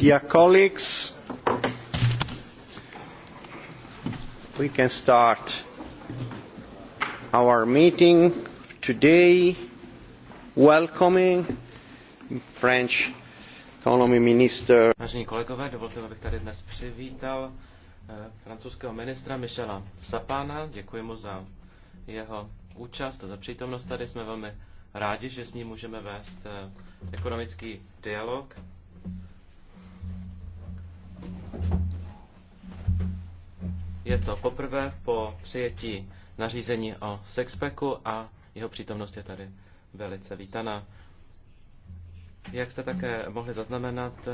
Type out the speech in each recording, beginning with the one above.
Dear colleagues, we can start our meeting today, welcoming French economy minister. Vážení kolegové, dovolte, abych tady dnes přivítal eh, francouzského ministra Michela Sapana. Děkuji mu za jeho účast a za přítomnost. Tady jsme velmi rádi, že s ním můžeme vést eh, ekonomický dialog Je to poprvé po přijetí nařízení o sexpeku a jeho přítomnost je tady velice vítaná. Jak jste také mohli zaznamenat,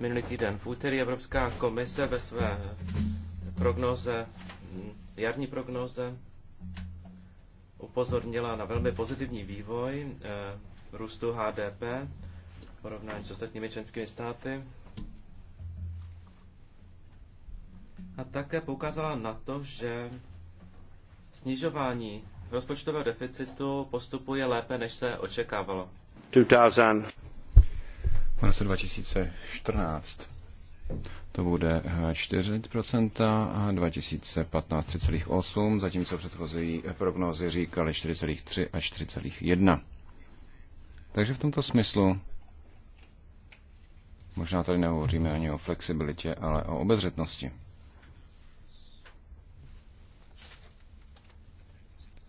minulý týden v úterý Evropská komise ve své prognoze, jarní prognoze upozornila na velmi pozitivní vývoj eh, růstu HDP v porovnání s ostatními členskými státy A také poukázala na to, že snižování rozpočtového deficitu postupuje lépe, než se očekávalo. 2000. V roce 2014 to bude 4%, 2015 3,8%, zatímco předchozí eh, prognózy říkaly 4,3 a 4,1%. Takže v tomto smyslu možná tady nehovoříme ani o flexibilitě, ale o obezřetnosti.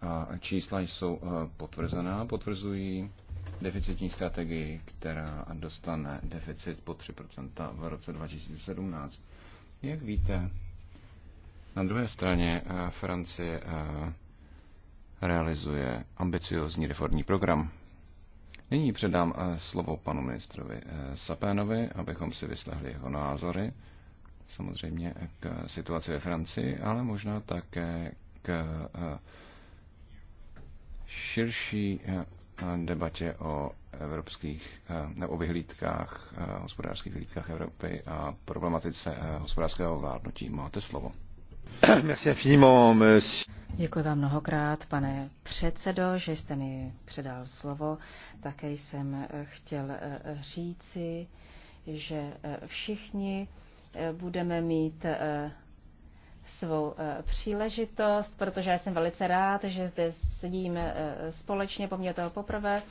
A čísla jsou eh, potvrzená, potvrzují deficitní strategii, která dostane deficit po 3% v roce 2017. Jak víte, na druhé straně eh, Francie eh, realizuje ambiciozní reformní program. Nyní předám slovo panu ministrovi Sapénovi, abychom si vyslehli jeho názory, samozřejmě k situaci ve Francii, ale možná také k širší eh, debatě o evropských, eh, nebo o vyhlídkách, eh, hospodářských vyhlídkách Evropy a problematice hospodářského vládnutí. Máte slovo. Děkuji vám mnohokrát, pane předsedo, že jste mi předal slovo. Také jsem chtěl říci, že všichni budeme mít svou eh, příležitost, protože já jsem velice rád, že zde sedíme eh, společně, po mně toho poprvé,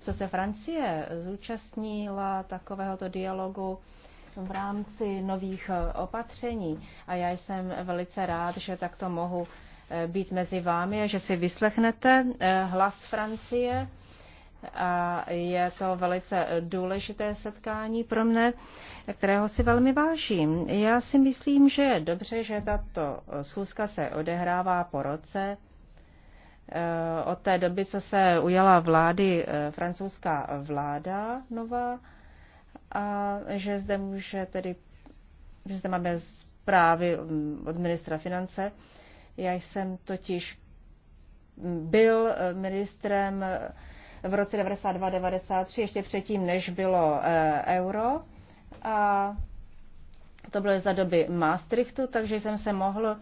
co se Francie zúčastnila takovéhoto dialogu v rámci nových eh, opatření. A já jsem velice rád, že takto mohu být mezi vámi a že si vyslechnete hlas Francie a je to velice důležité setkání pro mne, kterého si velmi vážím. Já si myslím, že je dobře, že tato schůzka se odehrává po roce. E, od té doby, co se ujala vlády e, francouzská vláda nová, a že zde může tedy, že zde máme zprávy mm, od ministra finance. Já jsem totiž mm, byl e, ministrem v roce 92-93, ještě předtím, než bylo eh, euro. A to bylo za doby Maastrichtu, takže jsem se mohl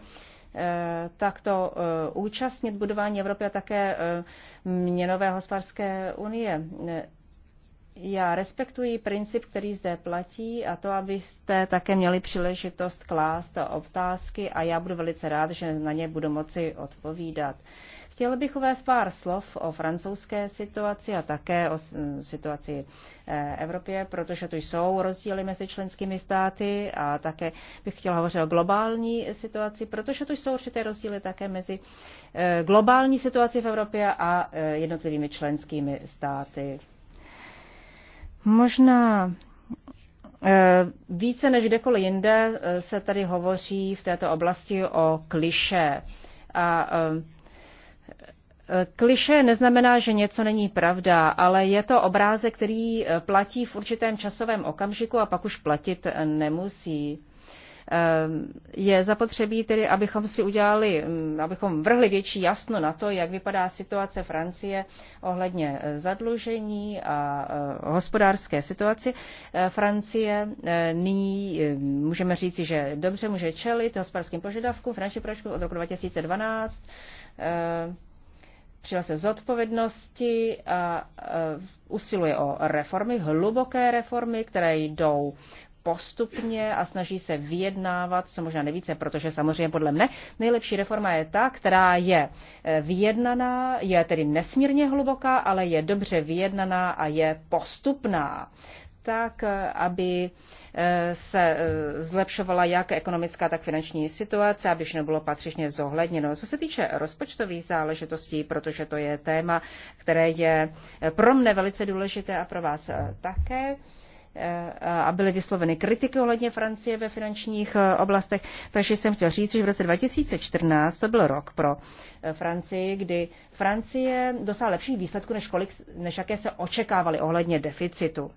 eh, takto eh, účastnit budování Evropy a také měnové hospodářské unie. Já respektuji princip, který zde platí a to, abyste také měli příležitost klást otázky a já budu velice rád, že na ně budu moci odpovídat. Chtěl bych uvést pár slov o francouzské situaci a také o situaci eh, Evropě, protože tu jsou rozdíly mezi členskými státy a také bych chtěl hovořit o globální situaci, protože tu jsou určité rozdíly také mezi eh, globální situací v Evropě a eh, jednotlivými členskými státy. Možná více než kdekoliv jinde se tady hovoří v této oblasti o kliše. A Kliše neznamená, že něco není pravda, ale je to obrázek, který eh, platí v určitém časovém okamžiku a pak už platit eh, nemusí. Eh, je zapotřebí tedy, abychom si udělali, mm, abychom vrhli větší jasno na to, jak vypadá situace Francie ohledně zadlužení a hospodářské situaci. Francie nyní můžeme říci, že dobře může čelit hospodářským požadavkům, finanční požadavkům od roku 2012 přijal se zodpovědnosti a e, usiluje o reformy, hluboké reformy, které jdou postupně a snaží se vyjednávat co možná nejvíce, protože samozřejmě podle mne nejlepší reforma je ta, která je e, vyjednaná, je tedy nesmírně hluboká, ale je dobře vyjednaná a je postupná tak, aby eh, se eh, zlepšovala jak ekonomická, tak finanční situace, aby všechno bylo patřičně zohledněno. Co se týče rozpočtových záležitostí, protože to je téma, které je eh, pro mne velice důležité a pro vás také, a byly vysloveny kritiky ohledně Francie ve finančních oblastech. Takže jsem chtěl říct, že v roce 2014 to byl rok pro Francii, kdy Francie dosáhla lepších výsledků, než, kolik, než jaké se očekávaly ohledně deficitu.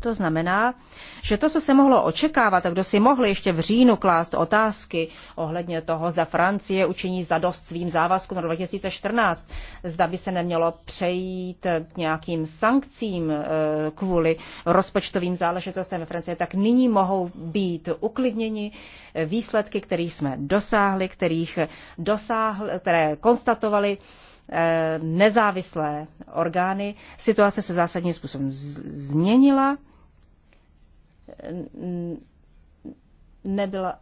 To znamená, že to, co se mohlo očekávat, a kdo si mohl ještě v říjnu klást otázky ohledně toho, zda Francie učiní zadost svým závazkům na 2014, zda by se nemělo přejít k nějakým sankcím eh, kvůli rozpočtovým záležitostem ve Francii, tak nyní mohou být uklidněni eh, výsledky, kterých jsme dosáhli, kterých dosáhl, které konstatovali eh, nezávislé orgány. Situace se zásadním způsobem změnila nebyla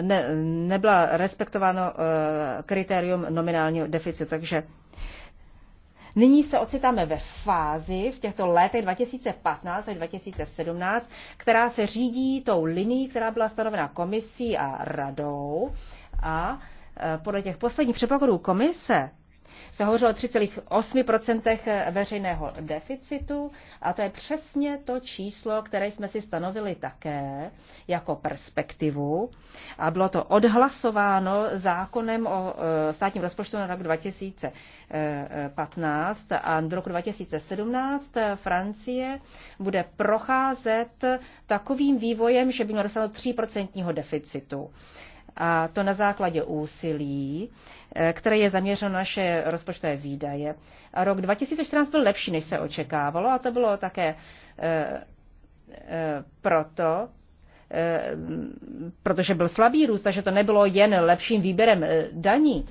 ne, nebyla respektováno eh, kritérium nominálního deficitu. Takže nyní se ocitáme ve fázi v těchto letech 2015 až 2017, která se řídí tou linií, která byla stanovena komisí a radou. A eh, podle těch posledních předpokladů komise se hovořilo o 3,8 eh, veřejného deficitu a to je přesně to číslo, které jsme si stanovili také jako perspektivu a bylo to odhlasováno zákonem o eh, státním rozpočtu na rok 2015 a do roku 2017 eh, Francie bude procházet takovým vývojem, že by mělo dosáhnout 3% deficitu. A to na základě úsilí, eh, které je zaměřeno na naše rozpočtové výdaje. A rok 2014 byl lepší, než se očekávalo, a to bylo také eh, eh, proto, protože byl slabý růst, takže to nebylo jen lepším výběrem daní,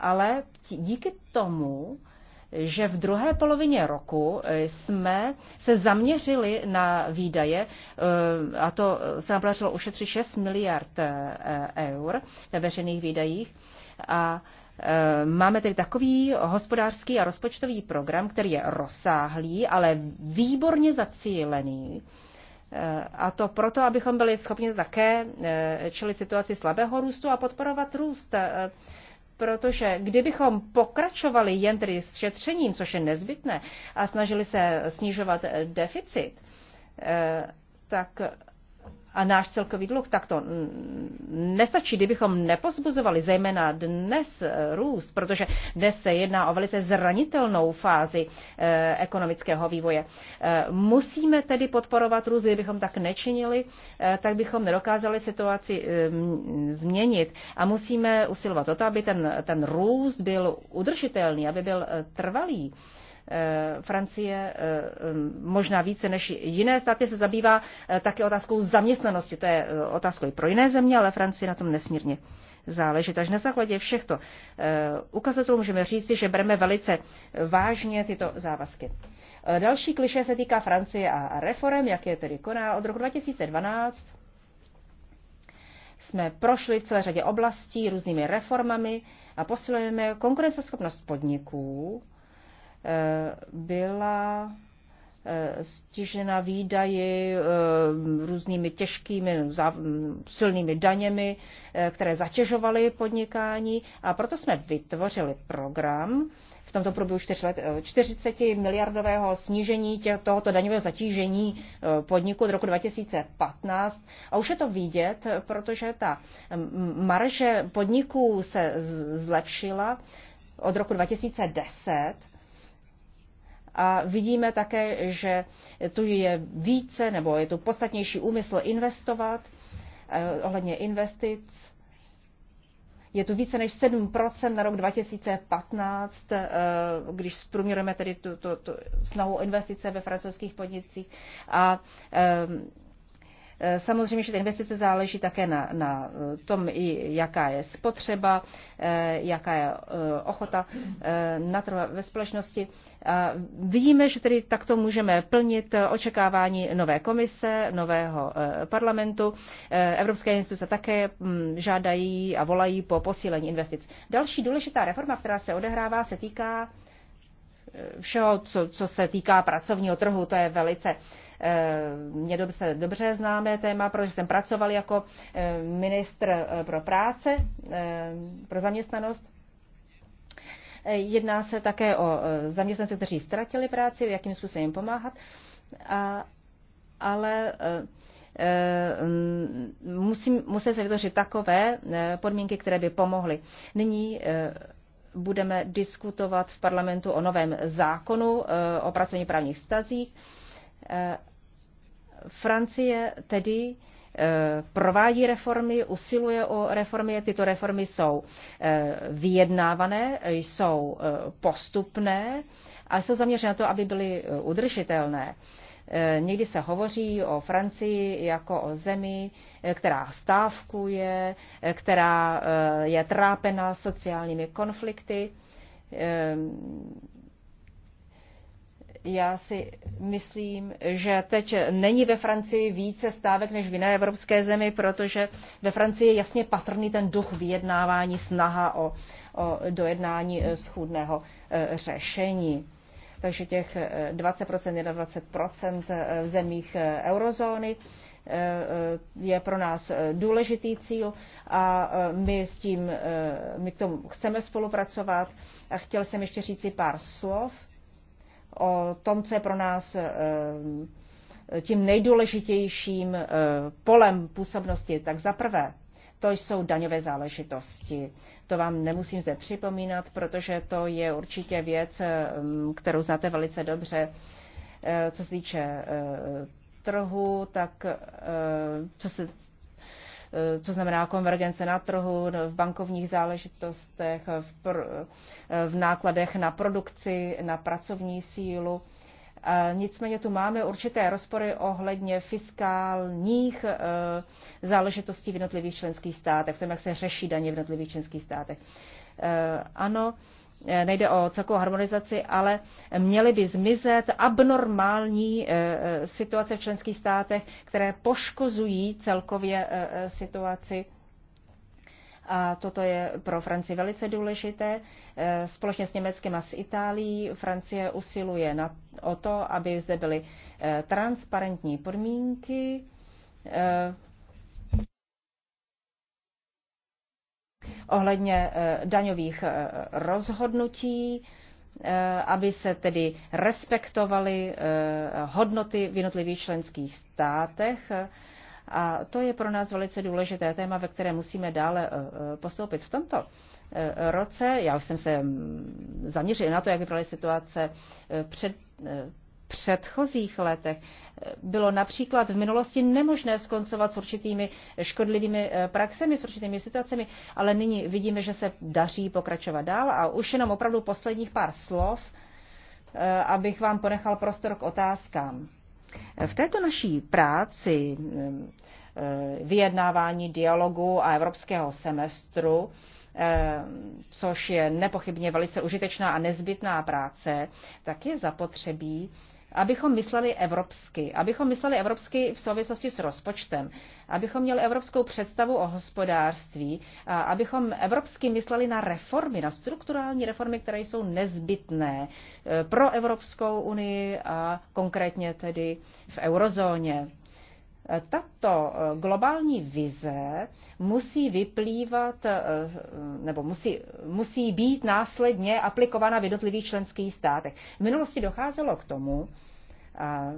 ale díky tomu že v druhé polovině roku jsme se zaměřili na výdaje, eh, a to se nám podařilo ušetřit 6 miliard eh, eur ve veřejných výdajích. A eh, Máme tedy takový hospodářský a rozpočtový program, který je rozsáhlý, ale výborně zacílený. A to proto, abychom byli schopni také čelit situaci slabého růstu a podporovat růst protože kdybychom pokračovali jen tedy s šetřením, což je nezbytné, a snažili se snižovat deficit, eh, tak a náš celkový dluh, tak to nestačí, kdybychom nepozbuzovali zejména dnes eh, růst, protože dnes se jedná o velice zranitelnou fázi eh, ekonomického vývoje. Eh, musíme tedy podporovat růst, kdybychom tak nečinili, tak bychom nedokázali situaci ehm, změnit a musíme usilovat o to, aby ten, ten růst byl udržitelný, aby byl trvalý. Eh, Francie eh, možná více než jiné státy se zabývá eh, také otázkou zaměstnanosti. To je otázkou i pro jiné země, ale Francie na tom nesmírně záleží. Takže na základě všech to ukazatelů můžeme říci, že bereme velice vážně tyto závazky. Další kliše se týká Francie a reform, jak je tedy koná od roku 2012 jsme prošli v celé řadě oblastí různými reformami a posilujeme konkurenceschopnost podniků Eh, byla eh, stižena výdaji eh, různými těžkými, silnými daněmi, které zatěžovaly podnikání. A proto jsme vytvořili program v tomto průběhu 40 miliardového snížení tohoto daňového zatížení podniku od roku 2015. A už je to vidět, protože ta mm, marže podniků se zlepšila od roku 2010 a vidíme také, že tu je více nebo je tu podstatnější úmysl investovat eh, ohledně investic. Je tu více než 7% na rok 2015, eh, když zprůměrujeme tedy tu, tu, tu snahu investice ve francouzských podnicích. A eh, Samozřejmě, že ty investice záleží také na, na tom, jaká je spotřeba, eh, jaká je eh, ochota eh, na trhu ve společnosti. A vidíme, že tedy takto můžeme plnit očekávání nové komise, nového parlamentu. Evropské instituce také hm, žádají a volají po posílení investic. Další důležitá reforma, která se odehrává, se týká všeho, co, co se týká pracovního trhu, to je velice Eh, mě dobře, dobře známé téma, protože jsem pracoval jako eh, ministr eh, pro práce, pro zaměstnanost. Jedná se také o zaměstnance, kteří ztratili práci, jakým způsobem pomáhat. A, ale musí, musí se vytvořit takové podmínky, které by pomohly. Nyní budeme diskutovat v parlamentu o novém zákonu o pracovně právních stazích Francie tedy eh, provádí reformy, usiluje o reformy. Tyto reformy jsou eh, vyjednávané, jsou eh, postupné a jsou zaměřeny na to, aby byly udržitelné. Někdy se hovoří o Francii jako o zemi, která stávkuje, která je trápena sociálními konflikty já si myslím, že teď není ve Francii více stávek než v jiné evropské zemi, protože ve Francii je jasně patrný ten duch vyjednávání, snaha o, o dojednání eh, schůdného eh, řešení. Takže těch 20%, eh, 21% v zemích eurozóny je pro nás důležitý cíl a my s tím, my k tomu chceme spolupracovat. A chtěl jsem ještě říct si pár slov o tom, co je pro nás eh, tím nejdůležitějším eh, polem působnosti, tak za prvé, to jsou daňové záležitosti. To vám nemusím zde připomínat, protože to je určitě věc, eh, kterou znáte velice dobře. Co se týče trhu, tak co se Eh, co znamená konvergence na trhu, v bankovních záležitostech, v, pr, eh, v nákladech na produkci, na pracovní sílu. Eh, nicméně tu máme určité rozpory ohledně fiskálních záležitostí v jednotlivých členských státech, v tom, jak se řeší daně v jednotlivých členských státech. Ano, Eh, nejde o celkovou harmonizaci, ale měly by zmizet abnormální eh, eh, situace v členských státech, které poškozují celkově situaci. A toto je pro Francii velice důležité. Společně s Německem a s Itálií Francie usiluje na, o to, aby zde byly transparentní podmínky ohledně eh, daňových eh, rozhodnutí, eh, aby se tedy respektovaly hodnoty v jednotlivých členských státech. A to je pro nás velice důležité téma, ve které musíme dále postoupit. V tomto roce, já už jsem se mm, zaměřil na to, jak vypadala situace před předchozích letech. Bylo například v minulosti nemožné skoncovat s určitými škodlivými eh, praxemi, s určitými situacemi, ale nyní vidíme, že se daří pokračovat dál a už jenom opravdu posledních pár slov, eh, abych vám ponechal prostor k otázkám. V této naší práci eh, vyjednávání dialogu a evropského semestru, což je nepochybně velice užitečná a nezbytná práce, tak je zapotřebí abychom mysleli evropsky, abychom mysleli evropsky v souvislosti s rozpočtem, abychom měli evropskou představu o hospodářství, a abychom evropsky mysleli na reformy, na strukturální reformy, které jsou nezbytné e, pro Evropskou unii a konkrétně tedy v eurozóně. Tato eh, globální vize musí vyplývat eh, nebo musí, musí být následně aplikována v jednotlivých členských státech. V minulosti docházelo k tomu, a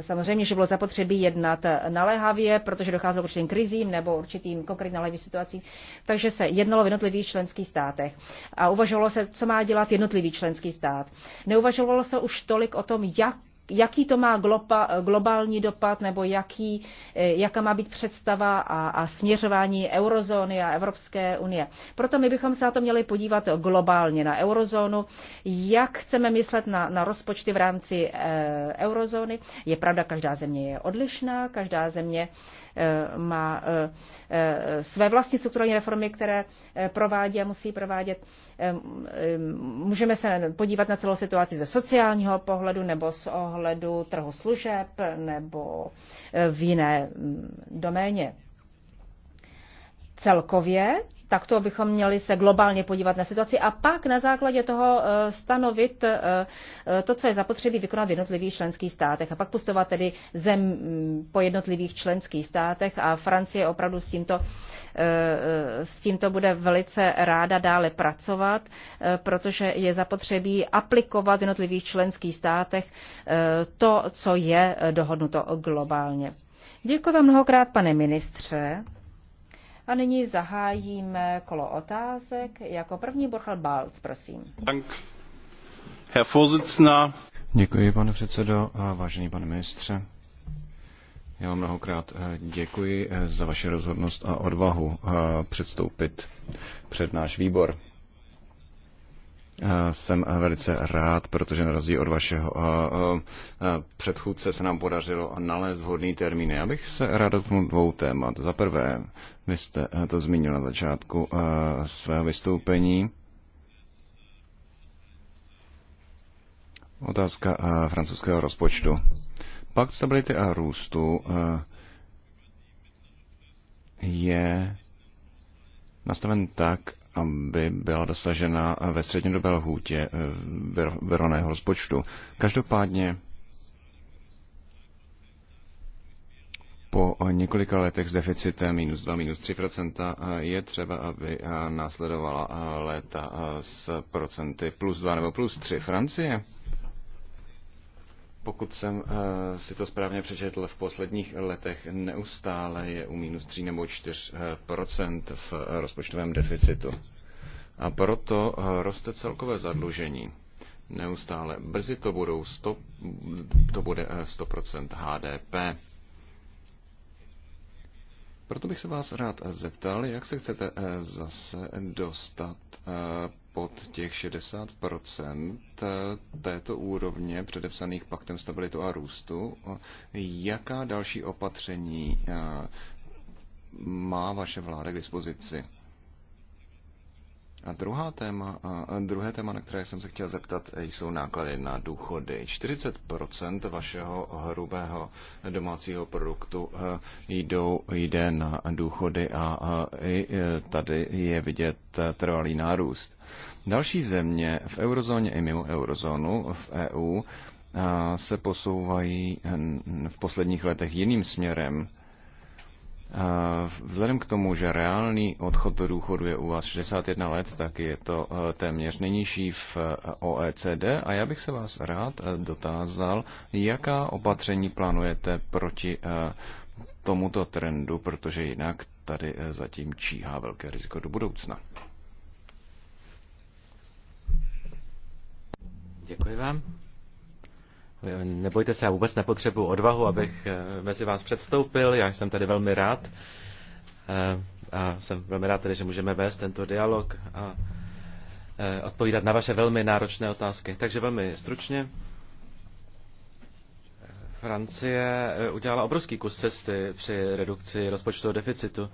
samozřejmě, že bylo zapotřebí jednat naléhavě, protože docházelo k určitým krizím nebo určitým konkrétně naléhavým situacím, takže se jednalo v jednotlivých členských státech a uvažovalo se, co má dělat jednotlivý členský stát. Neuvažovalo se už tolik o tom, jak jaký to má globa, globální dopad nebo jaký, eh, jaká má být představa a, a směřování eurozóny a Evropské unie. Proto my bychom se na to měli podívat globálně na eurozónu, jak chceme myslet na, na rozpočty v rámci eh, eurozóny. Je pravda, každá země je odlišná, každá země Eh, má eh, eh, své vlastní strukturální reformy, které provádí a musí provádět. Můžeme se podívat na celou situaci ze sociálního pohledu nebo z ohledu trhu služeb nebo v jiné mm, doméně celkově, takto bychom měli se globálně podívat na situaci a pak na základě toho eh, stanovit eh, eh, to, co je zapotřebí vykonat v jednotlivých členských státech a pak pustovat tedy zem mm, po jednotlivých členských státech a Francie opravdu s tímto, s tímto bude velice ráda dále pracovat, protože je zapotřebí aplikovat v jednotlivých členských státech to, co je dohodnuto globálně. Děkuji vám mnohokrát, pane ministře. A nyní zahájíme kolo otázek. Jako první Borchel Balc, prosím. Dank. Herr Vorsitzender. Děkuji, pane předsedo a vážený pane ministře. Já vám mnohokrát eh, děkuji eh, za vaši rozhodnost a odvahu eh, předstoupit před náš výbor jsem velice rád, protože na rozdíl od vašeho předchůdce se nám podařilo nalézt vhodný termín. Já bych se rád dotknul dvou témat. Za prvé, vy jste to zmínil na začátku svého vystoupení. Otázka francouzského rozpočtu. Pakt stability a růstu je nastaven tak, aby byla dosažena ve střednědobé lhůtě eh, vyrovného rozpočtu. Každopádně po několika letech s deficitem minus 2, minus 3 eh, je třeba, aby eh, následovala léta s procenty plus 2 nebo plus 3. Francie pokud jsem eh, si to správně přečetl, v posledních letech neustále je u minus 3 nebo 4 eh, v eh, rozpočtovém deficitu. A proto roste celkové zadlužení neustále. Brzy to, budou 100, to bude 100% HDP. Proto bych se vás rád zeptal, jak se chcete zase dostat pod těch 60% této úrovně předepsaných paktem stabilitu a růstu, jaká další opatření eh, má vaše vláda k dispozici? A druhá téma, a druhé téma, na které jsem se chtěl zeptat, jsou náklady na důchody. 40% vašeho hrubého domácího produktu e, jdou, jde na důchody a i e, tady je vidět trvalý nárůst. Další země v eurozóně i mimo eurozónu v EU se posouvají v posledních letech jiným směrem Eh, vzhledem k tomu, že reálný odchod do důchodu je u vás 61 let, tak je to eh, téměř nejnižší v eh, OECD a já bych se vás rád dotázal, jaká opatření plánujete proti tomuto trendu, protože jinak tady zatím číhá velké riziko do budoucna. Děkuji vám. Nebojte se, já vůbec nepotřebuji odvahu, abych eh, mezi vás předstoupil. Já jsem tady velmi rád. Eh, a jsem velmi rád tedy, že můžeme vést tento dialog a eh, odpovídat na vaše velmi náročné otázky. Takže velmi stručně. Francie udělala obrovský kus cesty při redukci rozpočtového deficitu.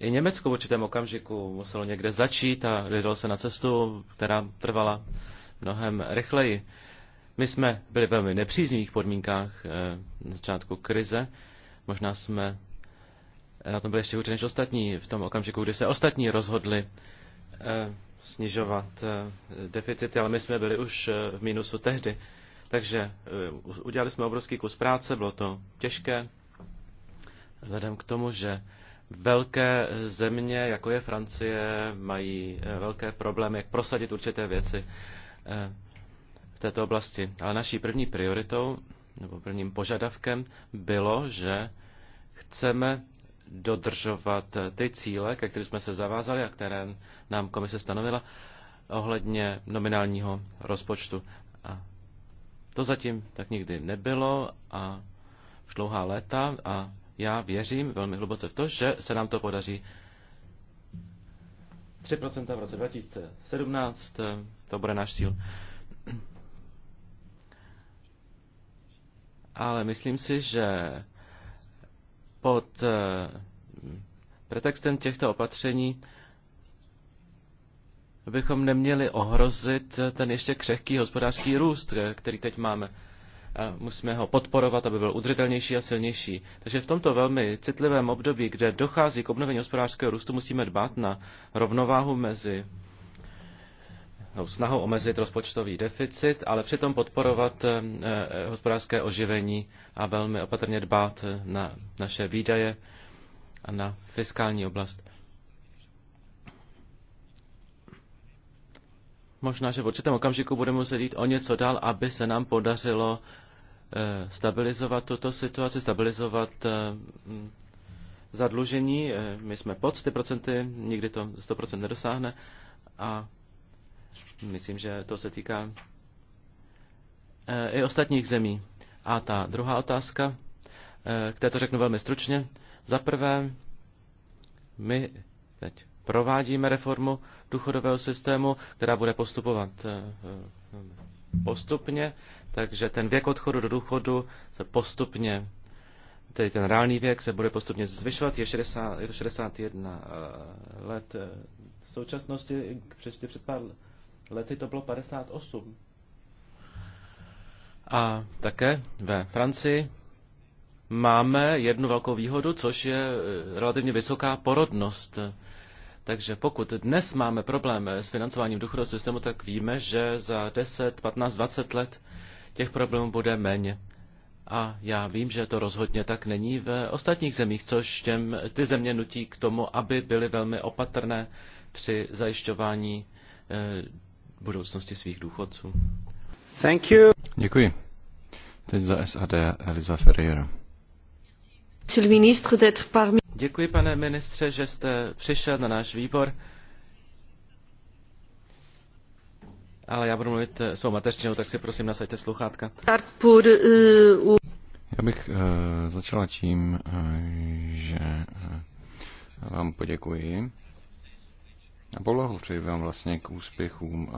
I Německo v určitém okamžiku muselo někde začít a vydalo se na cestu, která trvala mnohem rychleji. My jsme byli v velmi nepříznivých podmínkách eh, na začátku krize. Možná jsme eh, na tom byli ještě hůře než ostatní v tom okamžiku, kdy se ostatní rozhodli eh, snižovat deficity, ale my jsme byli už v mínusu tehdy. Takže udělali jsme obrovský kus práce, bylo to těžké, vzhledem k tomu, že velké země, jako je Francie, mají velké problémy, jak prosadit určité věci v této oblasti. Ale naší první prioritou nebo prvním požadavkem bylo, že chceme dodržovat ty cíle, ke kterým jsme se zavázali a které nám komise stanovila ohledně nominálního rozpočtu. A to zatím tak nikdy nebylo a už dlouhá léta a já věřím velmi hluboce v to, že se nám to podaří 3% v roce 2017, eh, to bude náš cíl. ale myslím si, že pod eh, pretextem těchto opatření bychom neměli ohrozit ten ještě křehký hospodářský růst, eh, který teď máme. Musíme ho podporovat, aby byl udržitelnější a silnější. Takže v tomto velmi citlivém období, kde dochází k obnovení hospodářského růstu, musíme dbát na rovnováhu mezi No, snahou omezit rozpočtový deficit, ale přitom podporovat eh, eh, hospodářské oživení a velmi opatrně dbát eh, na naše výdaje a na fiskální oblast. Možná, že v určitém okamžiku budeme muset jít o něco dál, aby se nám podařilo stabilizovat tuto situaci, stabilizovat zadlužení. My jsme pod 100%, nikdy to 100% nedosáhne a Myslím, že to se týká eh, i ostatních zemí. A ta druhá otázka, eh, které to řeknu velmi stručně. Za prvé, my teď provádíme reformu důchodového systému, která bude postupovat eh, postupně, takže ten věk odchodu do důchodu se postupně, tedy ten reálný věk se bude postupně zvyšovat, je, 60, je to 61 let v současnosti, přesně před pár lety to bylo 58. A také ve Francii máme jednu velkou výhodu, což je eh, relativně vysoká porodnost. Takže pokud dnes máme problém eh, s financováním důchodového systému, tak víme, že za 10, 15, 20 let těch problémů bude méně. A já vím, že to rozhodně tak není v ostatních zemích, což těm ty země nutí k tomu, aby byly velmi opatrné při zajišťování eh, budoucnosti svých důchodců. Thank you. Děkuji. Teď za SAD Eliza Ferreira. Děkuji, pane ministře, že jste přišel na náš výbor. Ale já budu mluvit eh, svou mateřčinou, tak si prosím nasaďte sluchátka. Eh, já bych uh, začala tím, uh, že uh, vám poděkuji a blahopřeji vám vlastně k úspěchům,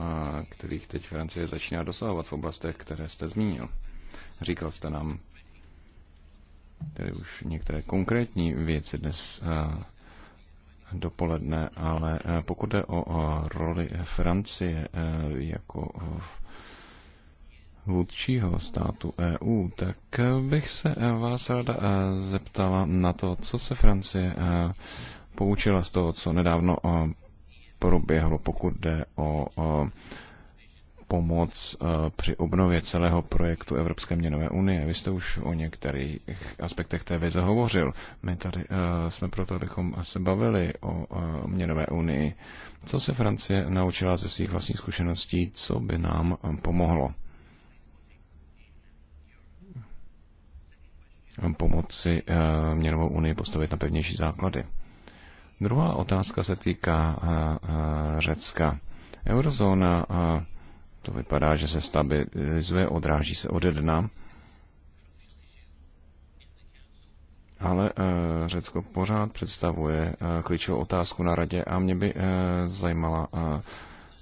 kterých teď Francie začíná dosahovat v oblastech, které jste zmínil. Říkal jste nám tedy už některé konkrétní věci dnes dopoledne, ale pokud jde o roli Francie jako vůdčího státu EU, tak bych se vás ráda zeptala na to, co se Francie poučila z toho, co nedávno proběhlo, pokud jde o, pomoc e, při obnově celého projektu Evropské měnové unie. Vy jste už o některých aspektech té věze hovořil. My tady e, jsme proto, abychom se bavili o e, měnové unii. Co se Francie naučila ze svých vlastních zkušeností, co by nám pomohlo? Pomoci měnovou unii postavit na pevnější základy. Druhá otázka se týká eh, eh, Řecka. Eurozóna, eh, to vypadá, že se stabilizuje, odráží se ode dna, ale Řecko pořád představuje klíčovou otázku na radě a mě by zajímala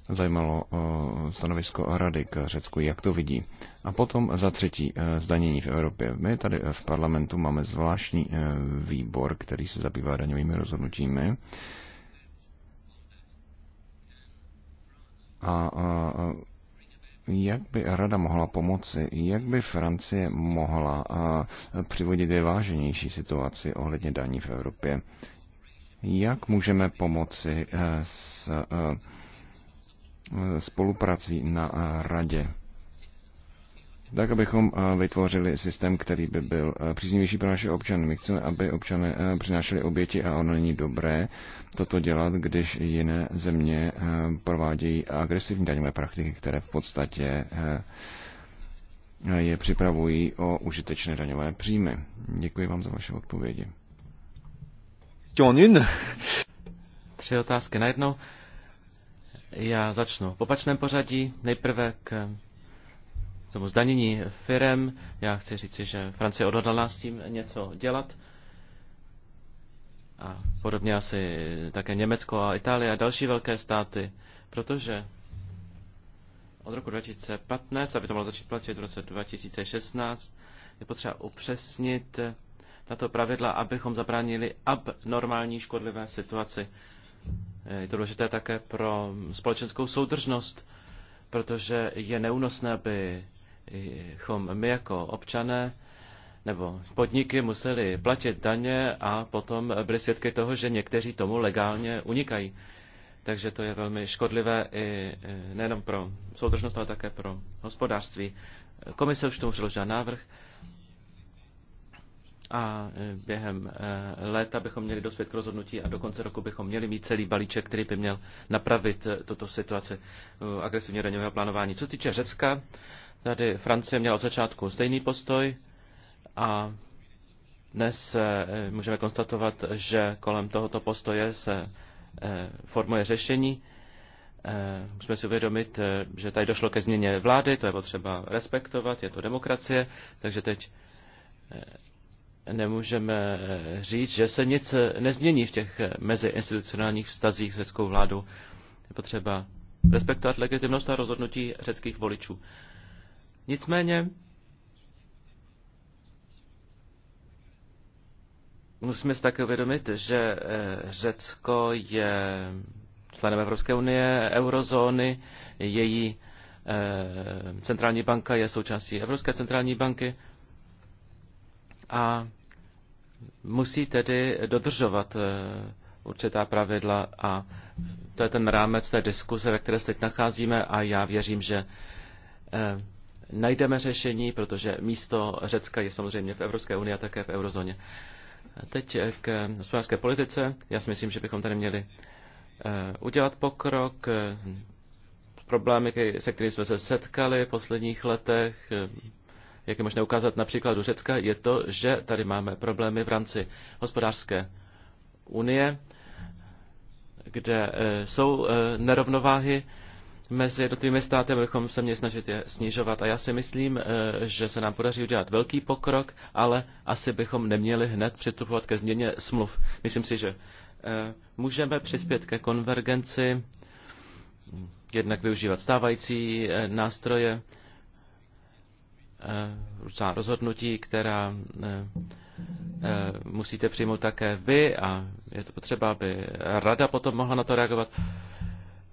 zajímalo eh, stanovisko Rady k Řecku, jak to vidí. A potom za třetí eh, zdanění v Evropě. My tady v parlamentu máme zvláštní eh, výbor, který se zabývá daňovými rozhodnutími. A, jak by rada mohla pomoci, jak by Francie mohla a, přivodit vyváženější situaci ohledně daní v Evropě, jak můžeme pomoci s spoluprací na eh, radě. Tak, abychom eh, vytvořili systém, který by byl eh, příznivější pro naše občany. My chceme, aby občané přinášeli oběti a ono není dobré toto dělat, když jiné země provádějí agresivní daňové praktiky, které v podstatě je připravují o užitečné daňové příjmy. Děkuji vám za vaše odpovědi. Tři otázky najednou. Já začnu v opačném pořadí. Nejprve k tomu zdanění firem. Já chci říci, že Francie odhodlala s tím něco dělat. A podobně asi také Německo a Itálie a další velké státy, protože od roku 2015, aby to mohlo začít platit v roce 2016, je potřeba upřesnit tato pravidla, abychom zabránili abnormální škodlivé situaci Eh, je to důležité také pro společenskou soudržnost, protože je neúnosné, abychom my jako občané nebo podniky museli platit daně a potom byli svědky toho, že někteří tomu legálně unikají. Takže to je velmi škodlivé i eh, nejenom pro soudržnost, ale také pro hospodářství. Komise už tomu přiložila návrh a e, během e, léta bychom měli dospět k rozhodnutí a do konce roku bychom měli mít celý balíček, který by měl napravit e, tuto situaci agresivně daňového plánování. Co týče Řecka, tady Francie měla od začátku stejný postoj a dnes můžeme konstatovat, že kolem tohoto postoje se formuje řešení. Musíme si uvědomit, že tady došlo ke změně vlády, to je potřeba respektovat, je to demokracie, takže teď nemůžeme eh, říct, že se nic eh, nezmění v těch eh, meziinstitucionálních vztazích s řeckou vládou. Je potřeba respektovat legitimnost a rozhodnutí řeckých voličů. Nicméně musíme si také uvědomit, že Řecko je členem Evropské unie, eurozóny, její centrální banka je součástí Evropské centrální banky a musí tedy dodržovat eh, určitá pravidla a to je ten rámec té diskuze, ve které se teď nacházíme a já věřím, že eh, najdeme řešení, protože místo Řecka je samozřejmě v Evropské unii a také v eurozóně. Teď eh, k hospodářské politice. Já si myslím, že bychom tady měli udělat pokrok. Problémy, se kterými jsme se setkali v posledních letech, jak je možné ukázat na příkladu Řecka, je to, že tady máme problémy v rámci hospodářské unie, kde eh, jsou eh, nerovnováhy mezi jednotlivými státy, abychom se měli snažit je snižovat. A já si myslím, eh, že se nám podaří udělat velký pokrok, ale asi bychom neměli hned přistupovat ke změně smluv. Myslím si, že můžeme přispět ke konvergenci, jednak využívat stávající nástroje, různá eh, rozhodnutí, která eh, eh, musíte přijmout také vy a je to potřeba, aby rada potom mohla na to reagovat.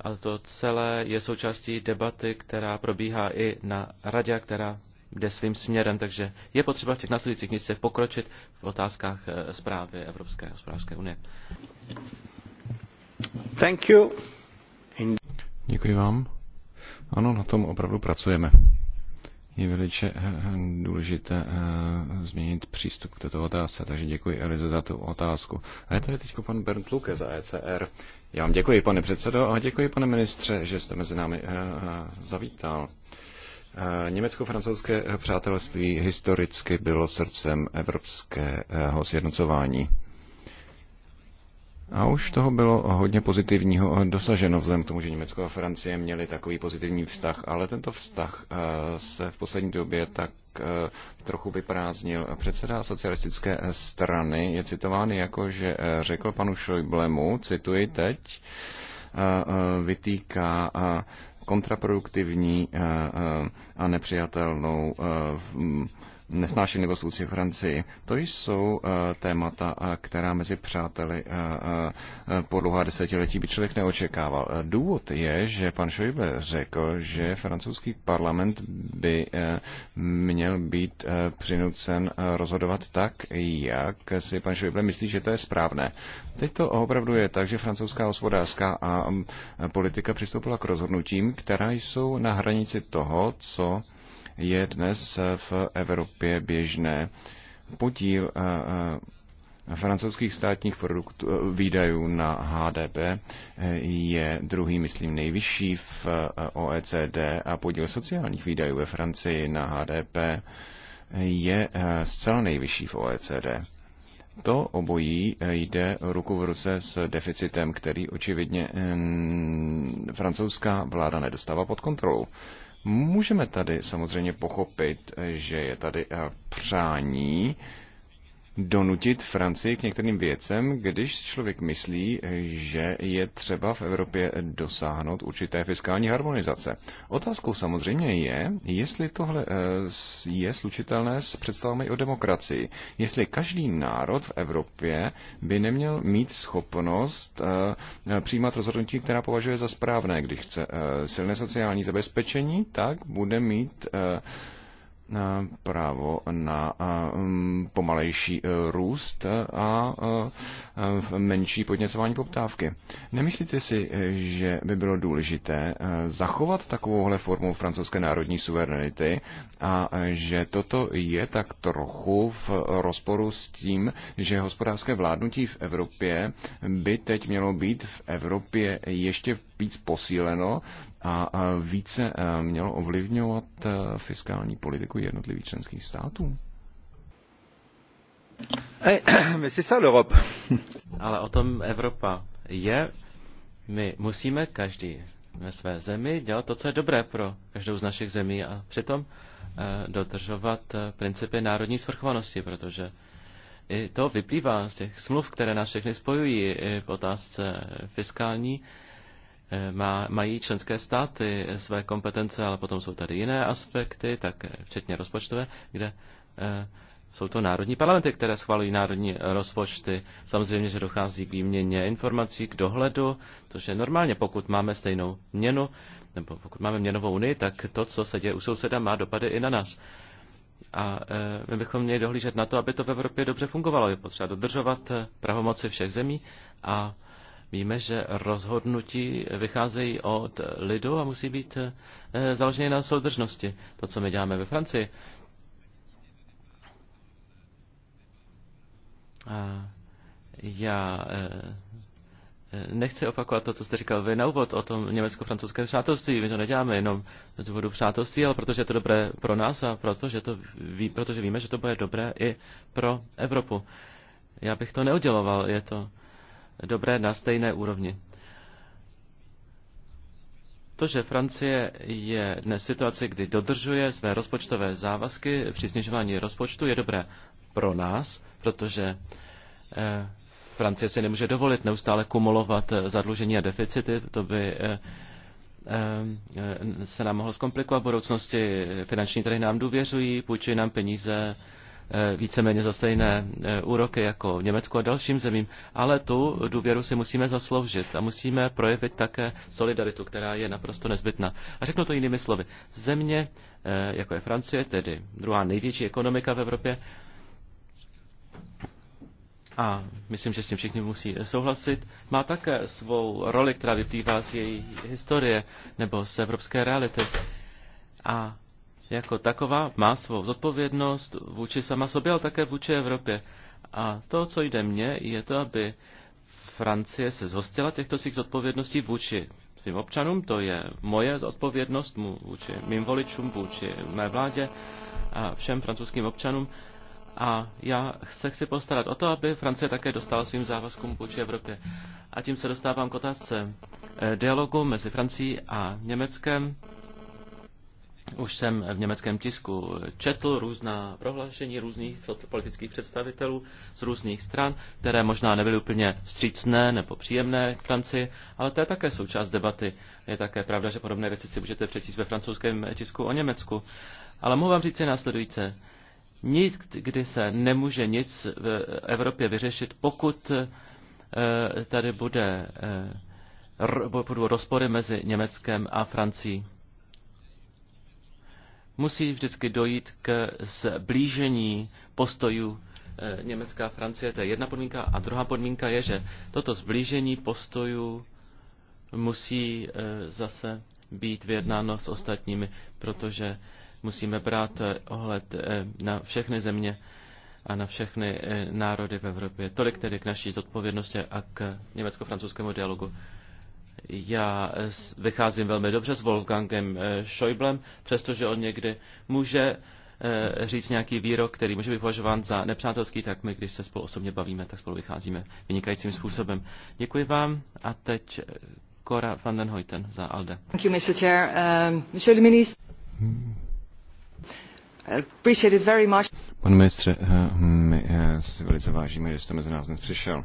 A to celé je součástí debaty, která probíhá i na radě, která jde svým směrem, takže je potřeba v těch následujících měsících pokročit v otázkách zprávy Evropské hospodářské unie. Thank you. Děkuji vám. Ano, na tom opravdu pracujeme je velice eh, důležité eh, změnit přístup k této otázce. Takže děkuji Elize za tu otázku. A je tady teď pan Bernd Luke za ECR. Já vám děkuji, pane předsedo, a děkuji, pane ministře, že jste mezi námi eh, zavítal. Německo-francouzské přátelství historicky bylo srdcem evropského sjednocování. A už toho bylo hodně pozitivního dosaženo, vzhledem k tomu, že Německo a Francie měli takový pozitivní vztah, ale tento vztah eh, se v poslední době tak eh, trochu vyprázdnil. Předseda socialistické eh, strany je citován jako, že řekl panu Šojblemu, cituji teď, vytýká kontraproduktivní a nepřijatelnou nesnášenlivost vůči Francii. To jsou eh, témata, eh, která mezi přáteli eh, po dlouhá desetiletí by člověk neočekával. Důvod je, že pan Schäuble řekl, že francouzský parlament by měl být přinucen rozhodovat tak, jak si pan Schäuble myslí, že to je správné. Teď to opravdu je tak, že francouzská hospodářská a mm, politika přistoupila k rozhodnutím, která jsou na hranici toho, co je dnes v Evropě běžné. Podíl eh, eh, francouzských státních produktů, eh, výdajů na HDP je druhý, myslím, nejvyšší v OECD a podíl sociálních výdajů ve Francii na HDP je zcela nejvyšší v OECD. To obojí jde ruku v ruce s deficitem, který očividně francouzská vláda nedostává pod kontrolu. Můžeme tady samozřejmě pochopit, že je tady eh, přání donutit Francii k některým věcem, když člověk myslí, že je třeba v Evropě dosáhnout určité fiskální harmonizace. Otázkou samozřejmě je, jestli tohle eh, je slučitelné s představami o demokracii. Jestli každý národ v Evropě by neměl mít schopnost eh, přijímat rozhodnutí, která považuje za správné. Když chce eh, silné sociální zabezpečení, tak bude mít Eh, právo na eh, mm, pomalejší eh, růst a menší podněcování poptávky. Nemyslíte si, že by bylo důležité zachovat takovouhle formu francouzské národní suverenity a že toto je tak trochu v rozporu s tím, že hospodářské vládnutí v Evropě by teď mělo být v Evropě ještě víc posíleno a více eh, mělo ovlivňovat eh, fiskální politiku jednotlivých členských států? Eh, Ale o tom Evropa je. My musíme každý ve své zemi dělat to, co je dobré pro každou z našich zemí a přitom dodržovat principy národní svrchovanosti, protože i to vyplývá z těch smluv, které nás všechny spojují i v otázce fiskální má, mají členské státy své kompetence, ale potom jsou tady jiné aspekty, tak eh, včetně rozpočtové, kde eh, jsou to národní parlamenty, které schvalují národní rozpočty. Samozřejmě, že dochází k výměně informací, k dohledu, což je normálně, pokud máme stejnou měnu, nebo pokud máme měnovou unii, tak to, co se děje u souseda, má dopady i na nás. A eh, my bychom měli dohlížet na to, aby to v Evropě dobře fungovalo. Je potřeba dodržovat pravomoci všech zemí a Víme, že rozhodnutí vycházejí od lidu a musí být eh, založené na soudržnosti. To, co my děláme ve Francii. A já eh, eh, nechci opakovat to, co jste říkal vy na úvod o tom německo francouzské přátelství. My to neděláme jenom z důvodu přátelství, ale protože je to dobré pro nás a protože, to ví, protože víme, že to bude dobré i pro Evropu. Já bych to neuděloval, je to dobré na stejné úrovni. To, že Francie je dnes v situaci, kdy dodržuje své rozpočtové závazky při snižování rozpočtu, je dobré pro nás, protože eh, Francie si nemůže dovolit neustále kumulovat eh, zadlužení a deficity, to by eh, se nám mohlo zkomplikovat v budoucnosti. Finanční trhy nám důvěřují, půjčují nám peníze Eh, víceméně za stejné eh, úroky jako v Německu a dalším zemím, ale tu důvěru si musíme zasloužit a musíme projevit také solidaritu, která je naprosto nezbytná. A řeknu to jinými slovy. Země, eh, jako je Francie, tedy druhá největší ekonomika v Evropě, a myslím, že s tím všichni musí souhlasit, má také svou roli, která vyplývá z její historie nebo z evropské reality. A jako taková má svou zodpovědnost vůči sama sobě, ale také vůči Evropě. A to, co jde mně, je to, aby Francie se zhostila těchto svých zodpovědností vůči svým občanům, to je moje zodpovědnost vůči mým voličům, vůči mé vládě a všem francouzským občanům. A já se chci postarat o to, aby Francie také dostala svým závazkům vůči Evropě. A tím se dostávám k otázce eh, dialogu mezi Francií a Německem. Už jsem v německém tisku četl různá prohlášení různých politických představitelů z různých stran, které možná nebyly úplně vstřícné nebo příjemné k Francii, ale to je také součást debaty. Je také pravda, že podobné věci si můžete přečíst ve francouzském tisku o Německu. Ale mohu vám říct si následující. Nic, kdy se nemůže nic v Evropě vyřešit, pokud eh, tady bude, eh, budou rozpory mezi Německem a Francií musí vždycky dojít k zblížení postojů eh, Německa a Francie. To je jedna podmínka. A druhá podmínka je, že toto zblížení postojů musí eh, zase být vyjednáno s ostatními, protože musíme brát eh, ohled na všechny země a na všechny národy v Evropě. Tolik tedy k naší zodpovědnosti a k německo-francouzskému dialogu. Já vycházím velmi dobře s Wolfgangem eh, Schäublem, přestože on někdy může eh, říct nějaký výrok, který může být považován za nepřátelský, tak my, když se spolu osobně bavíme, tak spolu vycházíme vynikajícím způsobem. Děkuji vám a teď eh, Cora van den Hoyten za ALDE. Thank you, Mr. Chair. Um, Pane ministře, my si velice vážíme, že jste mezi nás dnes přišel.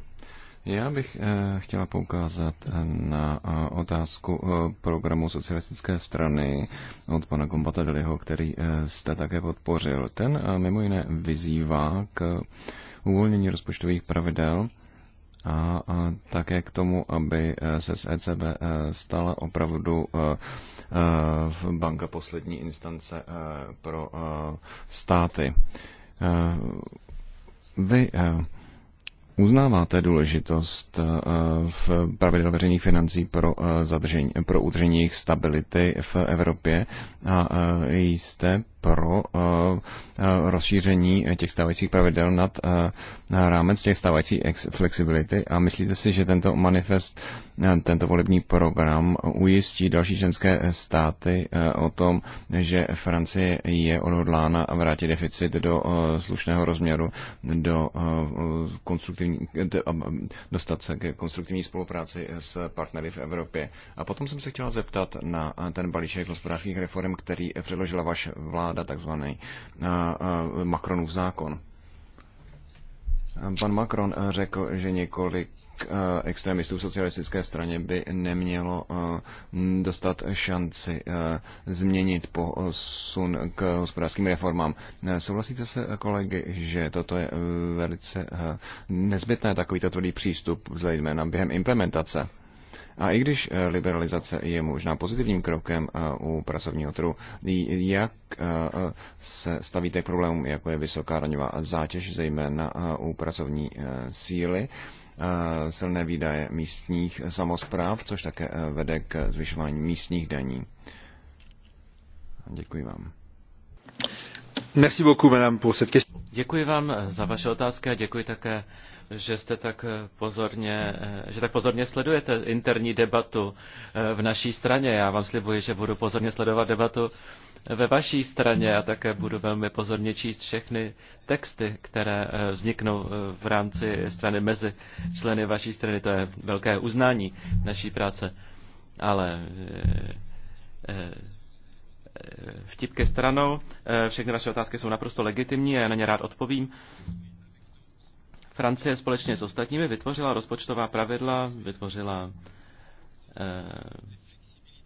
Já bych eh, chtěla poukázat eh, na eh, otázku programu socialistické strany od pana Kompatadeliho, který jste také podpořil. Ten mimo jiné vyzývá k uvolnění rozpočtových pravidel a také k tomu, aby se z ECB stala opravdu banka poslední instance pro státy. Vy Uznáváte důležitost eh, v pravidel veřejných financí pro, eh, zadržení, pro udržení jejich stability v Evropě a eh, jste pro eh, eh, rozšíření těch stávajících pravidel nad eh, rámec těch stávající flexibility a myslíte si, že tento manifest, tento volební program ujistí další ženské státy o tom, že Francie je odhodlána vrátit deficit do slušného rozměru, do konstruktivní, dostat se k konstruktivní spolupráci s partnery v Evropě. A potom jsem se chtěla zeptat na ten balíček hospodářských reform, který předložila vaše vláda vláda, takzvaný eh, eh, Macronův zákon. Pan Macron eh, řekl, že několik extremistů v socialistické straně by nemělo dostat šanci změnit posun k hospodářským reformám. Souhlasíte se, kolegy, že toto je velice nezbytné, takovýto tvrdý přístup, na během implementace? A i když eh, liberalizace je možná pozitivním krokem eh, u pracovního trhu, jak eh, se stavíte k problémům, jako je vysoká daňová zátěž, zejména u pracovní síly, silné výdaje místních samozpráv, což také vede k zvyšování místních daní. Děkuji vám. Merci beaucoup, madame, pour cette question. Děkuji vám za vaše otázky a děkuji také že jste tak eh, pozorně, eh, že tak pozorně sledujete interní debatu eh, v naší straně. Já vám slibuji, že budu pozorně sledovat debatu ve vaší straně a také budu velmi pozorně číst všechny texty, které vzniknou v rámci strany mezi členy vaší strany. To je velké uznání naší práce. Ale vtipky stranou, všechny vaše otázky jsou naprosto legitimní a já na ně rád odpovím. Francie společně s ostatními vytvořila rozpočtová pravidla, vytvořila eh,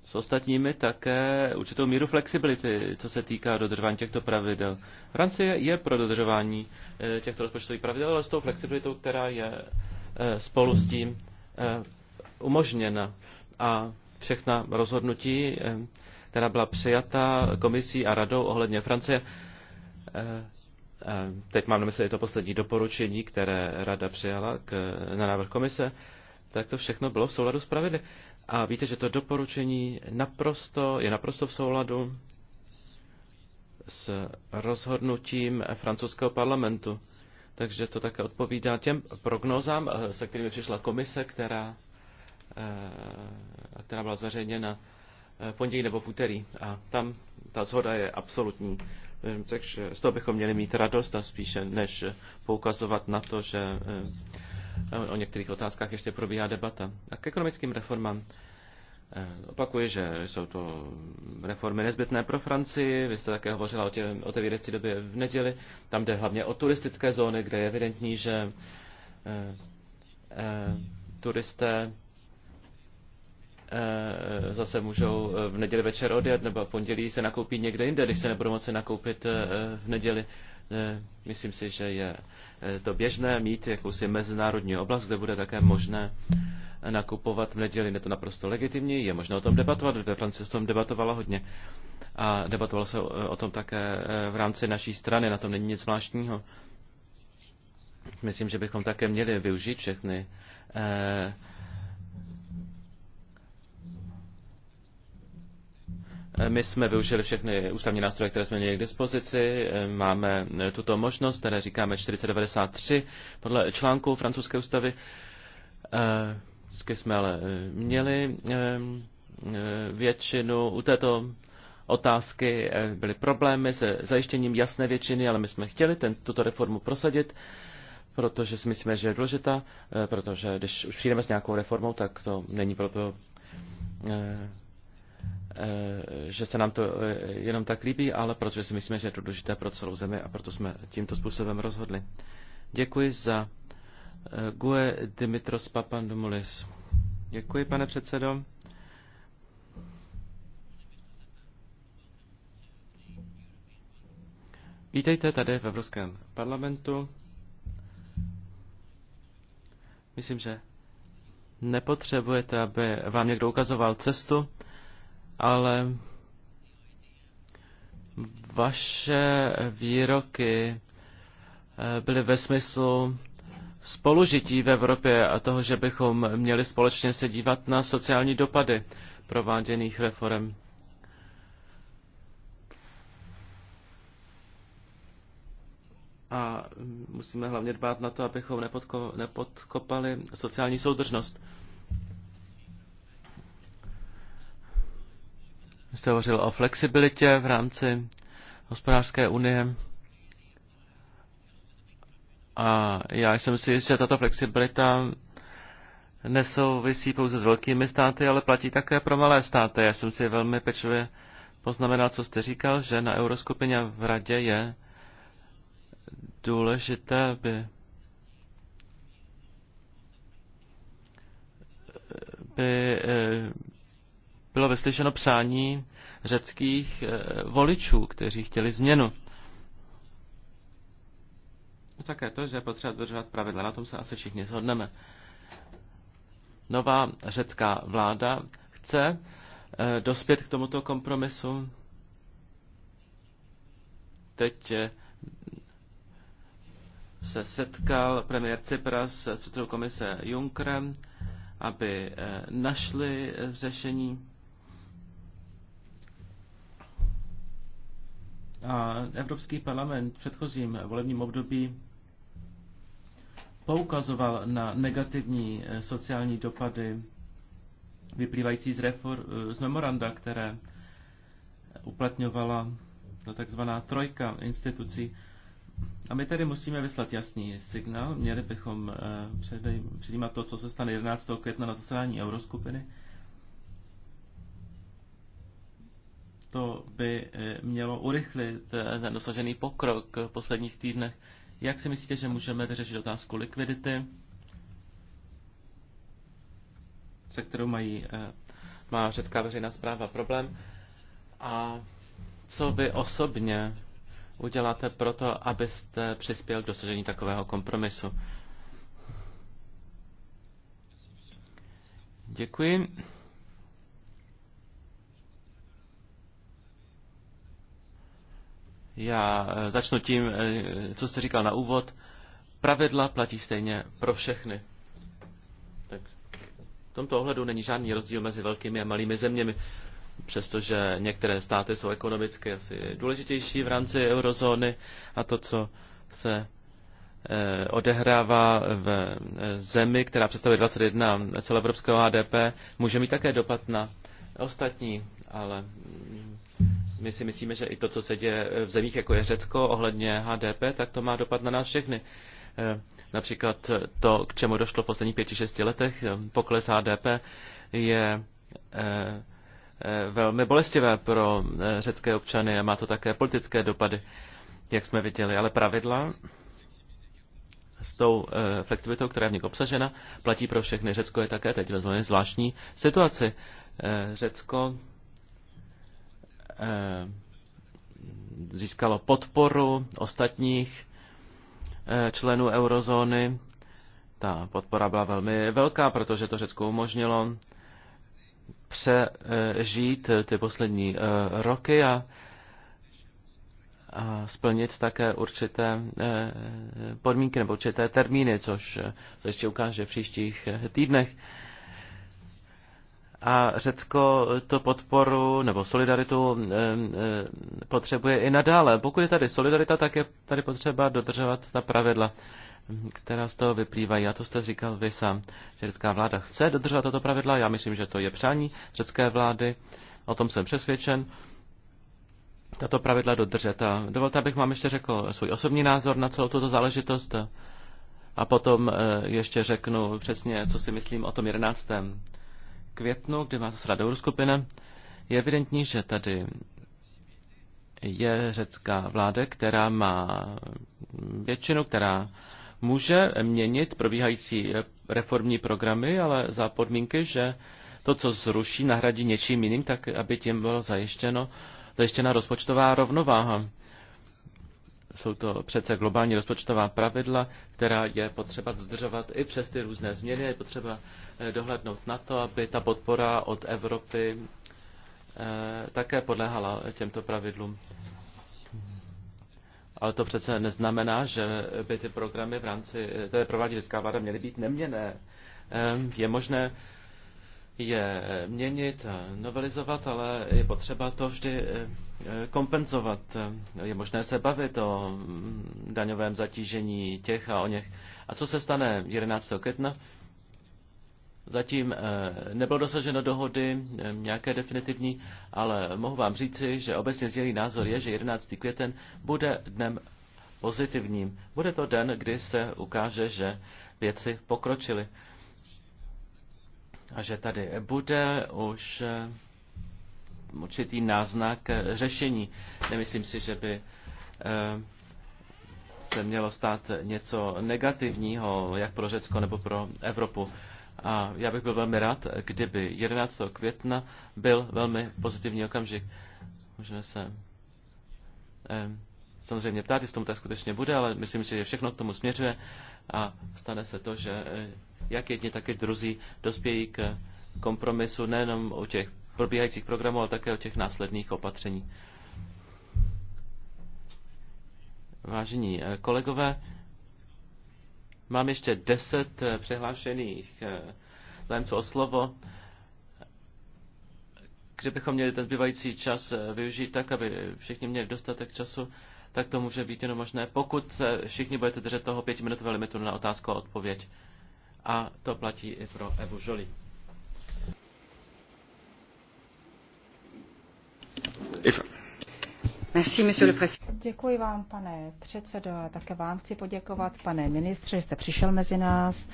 s ostatními také určitou míru flexibility, co se týká dodržování těchto pravidel. Francie je pro dodržování eh, těchto rozpočtových pravidel, ale s tou flexibilitou, která je eh, spolu s tím umožněna. A všechna rozhodnutí, která byla přijata komisí a radou ohledně Francie, Eh, teď mám na mysli to poslední doporučení, které rada přijala k, na návrh komise, tak to všechno bylo v souladu s pravidly. A víte, že to doporučení naprosto, je naprosto v souladu s rozhodnutím francouzského parlamentu. Takže to také odpovídá těm prognózám, eh, se kterými přišla komise, která, eh, která byla zveřejněna v pondělí nebo v úterý. A tam ta zhoda je absolutní. Takže z toho bychom měli mít radost a spíše než poukazovat na to, že o některých otázkách ještě probíhá debata. A k ekonomickým reformám opakuji, že jsou to reformy nezbytné pro Francii. Vy jste také hovořila o té vědecí době v neděli. Tam jde hlavně o turistické zóny, kde je evidentní, že turisté Eh, zase můžou eh, v neděli večer odjet nebo v pondělí se nakoupí někde jinde, když se nebudou moci nakoupit eh, v neděli. Myslím si, že je to běžné mít jakousi mezinárodní oblast, kde bude také možné nakupovat v neděli. Je to naprosto legitimní, je možné o tom debatovat. Ve Francii se o tom debatovala hodně a debatovalo se o tom také v rámci naší strany, na tom není nic zvláštního. Myslím, že bychom také měli využít všechny Eh, my jsme využili všechny ústavní nástroje, které jsme měli k dispozici. Eh, máme eh, tuto možnost, které říkáme 493 podle článku francouzské ústavy. Vždycky jsme ale měli většinu. U této otázky byly problémy se zajištěním jasné většiny, ale my jsme chtěli ten, tuto reformu prosadit, protože si myslíme, že je důležitá, protože když už přijdeme s nějakou reformou, tak to není proto Eh, že se nám to eh, jenom tak líbí, ale protože si myslíme, že je to důležité pro celou zemi a proto jsme tímto způsobem rozhodli. Děkuji za eh, Gue Dimitros Papandomulis. Děkuji, pane předsedo. Vítejte tady v Evropském parlamentu. Myslím, že nepotřebujete, aby vám někdo ukazoval cestu ale vaše výroky eh, byly ve smyslu spolužití v Evropě a toho, že bychom měli společně se dívat na sociální dopady prováděných reform. A musíme hlavně dbát na to, abychom nepodko- nepodkopali sociální soudržnost. jste hovořil o flexibilitě v rámci hospodářské unie. A já jsem si jist, že tato flexibilita nesouvisí pouze s velkými státy, ale platí také pro malé státy. Já jsem si velmi pečlivě poznamenal, co jste říkal, že na euroskupině v radě je důležité, aby by eh, bylo vyslyšeno přání řeckých eh, voličů, kteří chtěli změnu. Také to, že je potřeba dodržovat pravidla, na tom se asi všichni shodneme. Nová řecká vláda chce eh, dospět k tomuto kompromisu. Teď eh, se setkal premiér Cipras s předsedou komise Junkrem, aby našli řešení. A Evropský parlament v předchozím volebním období poukazoval na negativní eh, sociální dopady vyplývající z, refor, eh, z memoranda, které uplatňovala ta trojka institucí. A my tedy musíme vyslat jasný signál. Měli bychom eh, předjímat to, co se stane 11. května na zasedání Euroskupiny. to by eh, mělo urychlit eh, ten dosažený pokrok v posledních týdnech. Jak si myslíte, že můžeme vyřešit otázku likvidity, se kterou mají, eh, má řecká veřejná zpráva problém? A co vy osobně uděláte pro to, abyste přispěl k dosažení takového kompromisu? Děkuji. Já eh, začnu tím, eh, co jste říkal na úvod. Pravidla platí stejně pro všechny. Tak v tomto ohledu není žádný rozdíl mezi velkými a malými zeměmi, přestože některé státy jsou ekonomicky asi důležitější v rámci eurozóny a to, co se eh, odehrává v zemi, která představuje 21 celoevropského HDP, může mít také dopad na ostatní, ale mm, my si myslíme, že i to, co se děje v zemích, jako je Řecko, ohledně HDP, tak to má dopad na nás všechny. Eh, například to, k čemu došlo v posledních pěti, šesti letech, eh, pokles HDP, je eh, velmi bolestivé pro řecké občany a má to také politické dopady, jak jsme viděli. Ale pravidla s tou flexibilitou, která je v nich obsažena, platí pro všechny. Řecko je také teď ve zvláštní situaci. Řecko Eh, získalo podporu ostatních eh, členů eurozóny. Ta podpora byla velmi velká, protože to Řecko umožnilo přežít eh, ty poslední roky a, a splnit také určité podmínky nebo určité termíny, což se ještě ukáže v příštích týdnech a Řecko to podporu nebo solidaritu potřebuje i nadále. Pokud je tady solidarita, tak je tady potřeba dodržovat ta pravidla, která z toho vyplývají. A to jste říkal vy sám, že řecká vláda chce dodržovat tato pravidla. Já myslím, že to je přání řecké vlády. O tom jsem přesvědčen. Tato pravidla dodržet. A dovolte, abych vám ještě řekl svůj osobní názor na celou tuto záležitost a potom eh, ještě řeknu přesně, co si myslím o tom jedenáctém květnu, kdy má zasedat euroskupina, je evidentní, že tady je řecká vláda, která má většinu, která může měnit probíhající reformní programy, ale za podmínky, že to, co zruší, nahradí něčím jiným, tak aby tím bylo zajištěno, zajištěna rozpočtová rovnováha. Jsou to přece globální rozpočtová pravidla, která je potřeba dodržovat i přes ty různé změny. Je potřeba eh, dohlednout na to, aby ta podpora od Evropy eh, také podléhala těmto pravidlům. Ale to přece neznamená, že by ty programy v rámci, té provádí vláda, měly být neměné. Ehm, je možné je měnit, novelizovat, ale je potřeba to vždy eh, Eh, kompenzovat. Eh, je možné se bavit o mm, daňovém zatížení těch a o něch. A co se stane 11. května? Zatím eh, nebylo dosaženo dohody nějaké definitivní, ale mohu vám říci, že obecně sdělý názor je, že 11. květen bude dnem pozitivním. Bude to den, kdy se ukáže, že věci pokročily. A že tady bude už určitý náznak eh, řešení. Nemyslím si, že by eh, se mělo stát něco negativního, jak pro Řecko nebo pro Evropu. A já bych byl velmi rád, kdyby 11. května byl velmi pozitivní okamžik. Můžeme se eh, samozřejmě ptát, jestli tomu tak skutečně bude, ale myslím, že všechno k tomu směřuje a stane se to, že jak jedni, tak i druzí dospějí k kompromisu nejenom u těch probíhajících programů, ale také o těch následných opatření. Vážení eh, kolegové, mám ještě deset eh, přihlášených eh, zájemců o slovo. Kdybychom měli ten zbývající čas využít tak, aby všichni měli dostatek času, tak to může být jenom možné, pokud se všichni budete držet toho pětiminutového limitu na otázku a odpověď. A to platí i pro Evu Jolie. Děkuji vám, pane předsedo, a také vám chci poděkovat, pane ministře, že jste přišel mezi nás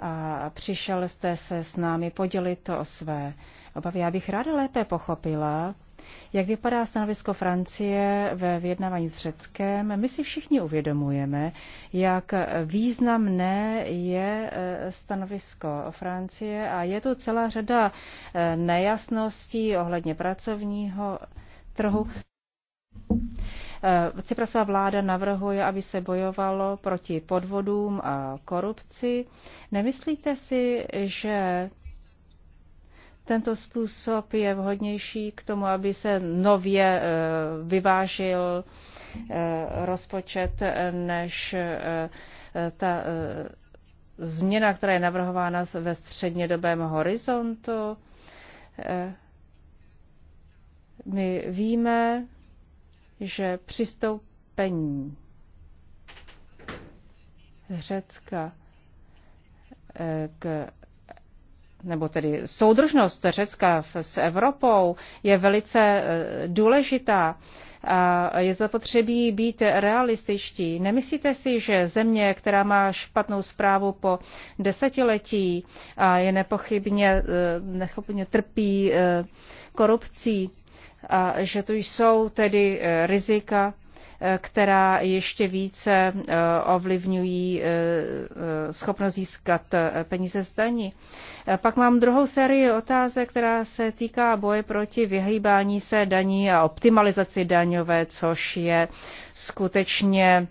a přišel jste se s námi podělit to o své obavy. Já bych ráda lépe pochopila, jak vypadá stanovisko Francie ve vyjednávání s Řeckem. My si všichni uvědomujeme, jak významné je eh, stanovisko Francie a je tu celá řada eh, nejasností ohledně pracovního trhu. Eh, Cyprasová vláda navrhuje, aby se bojovalo proti podvodům a korupci. Nemyslíte si, že tento způsob je vhodnější k tomu, aby se nově eh, vyvážil eh, rozpočet, než ta změna, která je navrhována ve střednědobém horizontu. My víme, že přistoupení Řecka eh, k nebo tedy soudržnost Řecka s Evropou je velice eh, důležitá. A je zapotřebí být realističtí. Nemyslíte si, že země, která má špatnou zprávu po desetiletí a je nepochybně, eh, nechopně trpí korupcí, a že tu jsou tedy eh, rizika, eh, která ještě více eh, ovlivňují schopnost získat peníze z daní. Pak mám druhou sérii otázek, která se týká boje proti vyhýbání se daní a optimalizaci daňové, což je skutečně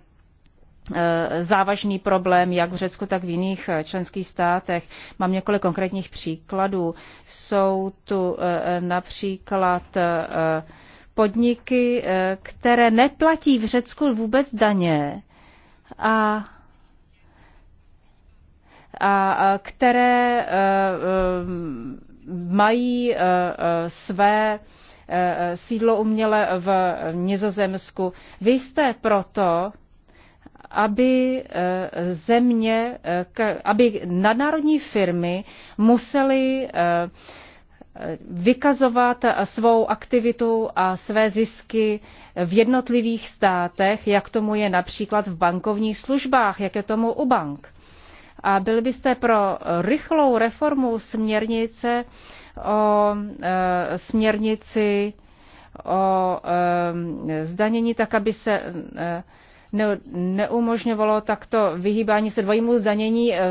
Eh, závažný problém jak v Řecku, tak v jiných eh, členských státech. Mám několik konkrétních příkladů. Jsou tu eh, například podniky, které neplatí v Řecku vůbec daně a, a které mají své sídlo uměle v Nizozemsku. Vy jste proto, aby eh, země, eh, aby nadnárodní firmy musely eh, vykazovat svou aktivitu a své zisky v jednotlivých státech, jak tomu je například v bankovních službách, jak je tomu u bank. A byli byste pro rychlou reformu směrnice o e, směrnici o e, zdanění, tak aby se e, ne, neumožňovalo takto vyhýbání se dvojímu zdanění, eh,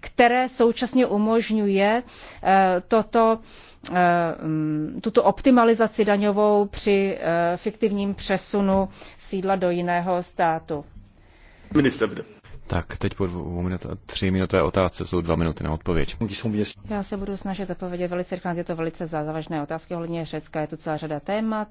které současně umožňuje eh, toto, eh, mm, tuto optimalizaci daňovou při fiktivním přesunu sídla do jiného státu. Minister, tak, teď po dvou minut, tři minutové otázce jsou dva minuty na odpověď. Já se budu snažit odpovědět velice rychle je to velice závažné otázky ohledně Řecka. Je to celá řada témat,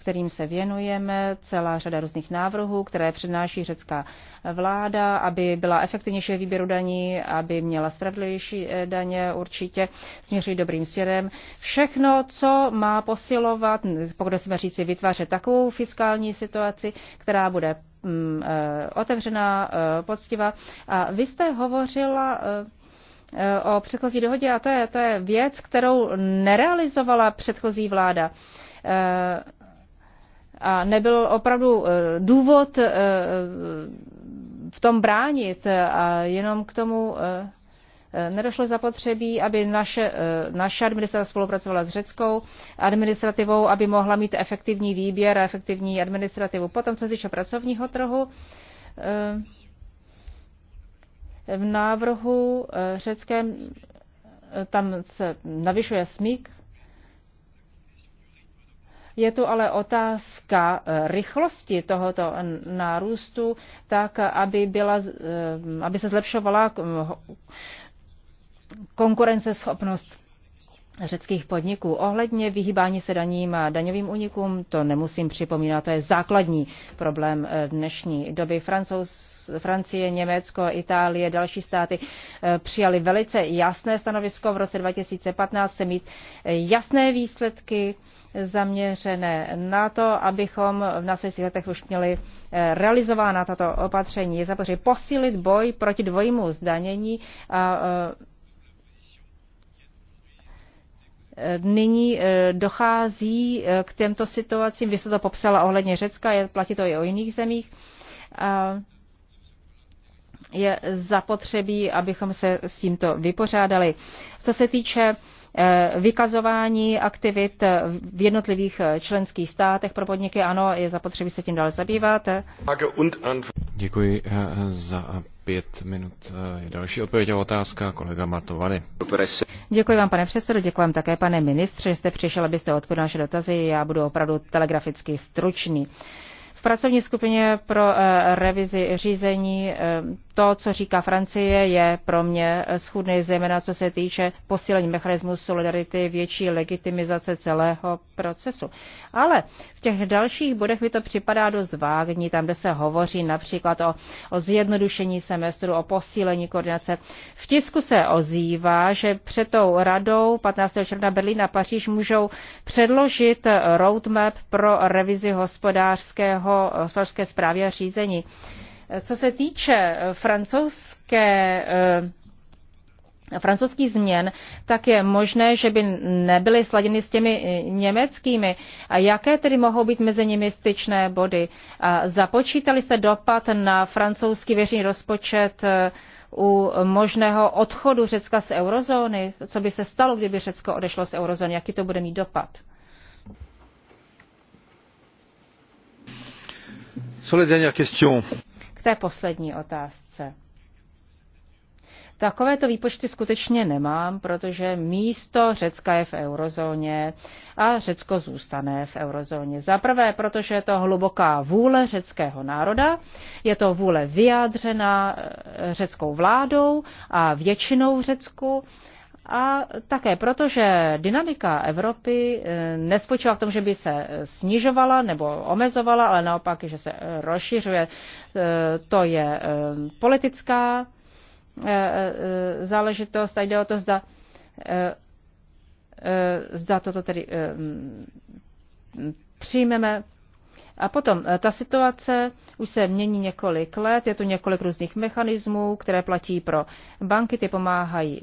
kterým se věnujeme, celá řada různých návrhů, které přednáší řecká vláda, aby byla efektivnější výběru daní, aby měla spravedlivější eh, daně, určitě směřují dobrým směrem. Všechno, co má posilovat, pokud jsme říci, vytvářet takovou fiskální situaci, která bude Mm, eh, otevřená, eh, poctivá. A vy jste hovořila eh, o předchozí dohodě a to je, to je věc, kterou nerealizovala předchozí vláda. A nebyl opravdu důvod v tom bránit a jenom k tomu Nedošlo zapotřebí, aby naše, eh, naše administrativa spolupracovala s řeckou administrativou, aby mohla mít efektivní výběr a efektivní administrativu. Potom, co se týče pracovního trhu, eh, v návrhu eh, řeckém tam se navyšuje smík. Je tu ale otázka rychlosti tohoto nárůstu, tak aby, byla, aby se zlepšovala konkurenceschopnost řeckých podniků. Ohledně vyhýbání se daním a daňovým únikům, to nemusím připomínat, to je základní problém eh, dnešní doby. Francouz, Francie, Německo, Itálie, další státy eh, přijali velice jasné stanovisko. V roce 2015 se mít eh, jasné výsledky zaměřené na to, abychom v následujících letech už měli realizována tato opatření. Je zapotřebí posílit boj proti dvojímu zdanění a nyní eh, dochází eh, k těmto situacím. Vy jste to popsala ohledně Řecka, je, platí to i o jiných zemích. Je zapotřebí, abychom se s tímto vypořádali. Co se týče eh, vykazování aktivit v jednotlivých členských státech pro podniky, ano, je zapotřebí se tím dále zabývat. Děkuji eh, za pět minut. Eh, další odpověď a otázka kolega Matovany. Děkuji vám, pane předsedo, děkuji vám také, pane ministře, že jste přišel, abyste odpověděl naše dotazy. Já budu opravdu telegraficky stručný pracovní skupině pro eh, revizi řízení eh, to, co říká Francie, je pro mě eh, schůdný, zejména co se týče posílení mechanismu solidarity, větší legitimizace celého procesu. Ale v těch dalších bodech mi to připadá dost vágní, tam, kde se hovoří například o, o zjednodušení semestru, o posílení koordinace. V tisku se ozývá, že před tou radou 15. června Berlín a Paříž můžou předložit roadmap pro revizi hospodářského o eh, hospodářské zprávě a řízení. Eh, co se týče eh, francouzské francouzských změn, tak je možné, že by nebyly sladěny s těmi německými. A jaké tedy mohou být mezi nimi styčné body? A započítali se dopad na francouzský věřní rozpočet u možného odchodu Řecka z eurozóny? Co by se stalo, kdyby Řecko odešlo z eurozóny? Jaký to bude mít dopad? K té poslední otázce. Takovéto výpočty skutečně nemám, protože místo Řecka je v eurozóně a Řecko zůstane v eurozóně. Za prvé, protože je to hluboká vůle řeckého národa, je to vůle vyjádřena eh, řeckou vládou a většinou v Řecku a také proto, že dynamika Evropy eh, nespočívá v tom, že by se eh, snižovala nebo omezovala, ale naopak, že se eh, rozšiřuje. To je politická záležitost a jde o to, zda, zda toto tedy mm, přijmeme. A potom ta situace už se mění několik let, je tu několik různých mechanismů, které platí pro banky, ty pomáhají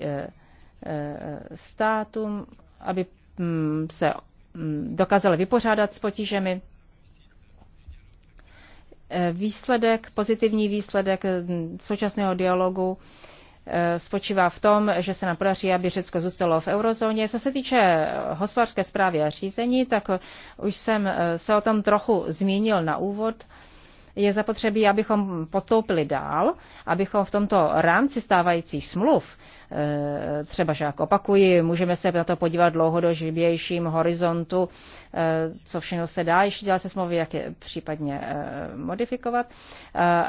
Eh, státům, aby mm, se mm, dokázali vypořádat s potížemi. Eh, výsledek, pozitivní výsledek mm, současného dialogu eh, spočívá v tom, že se nám podaří, aby Řecko zůstalo v eurozóně. Co se týče hospodářské zprávy a řízení, tak už jsem se o tom trochu zmínil na úvod. Je zapotřebí, abychom postoupili dál, abychom v tomto rámci stávajících smluv Eh, třeba, že jak opakuji, můžeme se na to podívat dlouho do živějším horizontu, eh, co všechno se dá ještě dělat se smlouvy, jak je případně eh, modifikovat.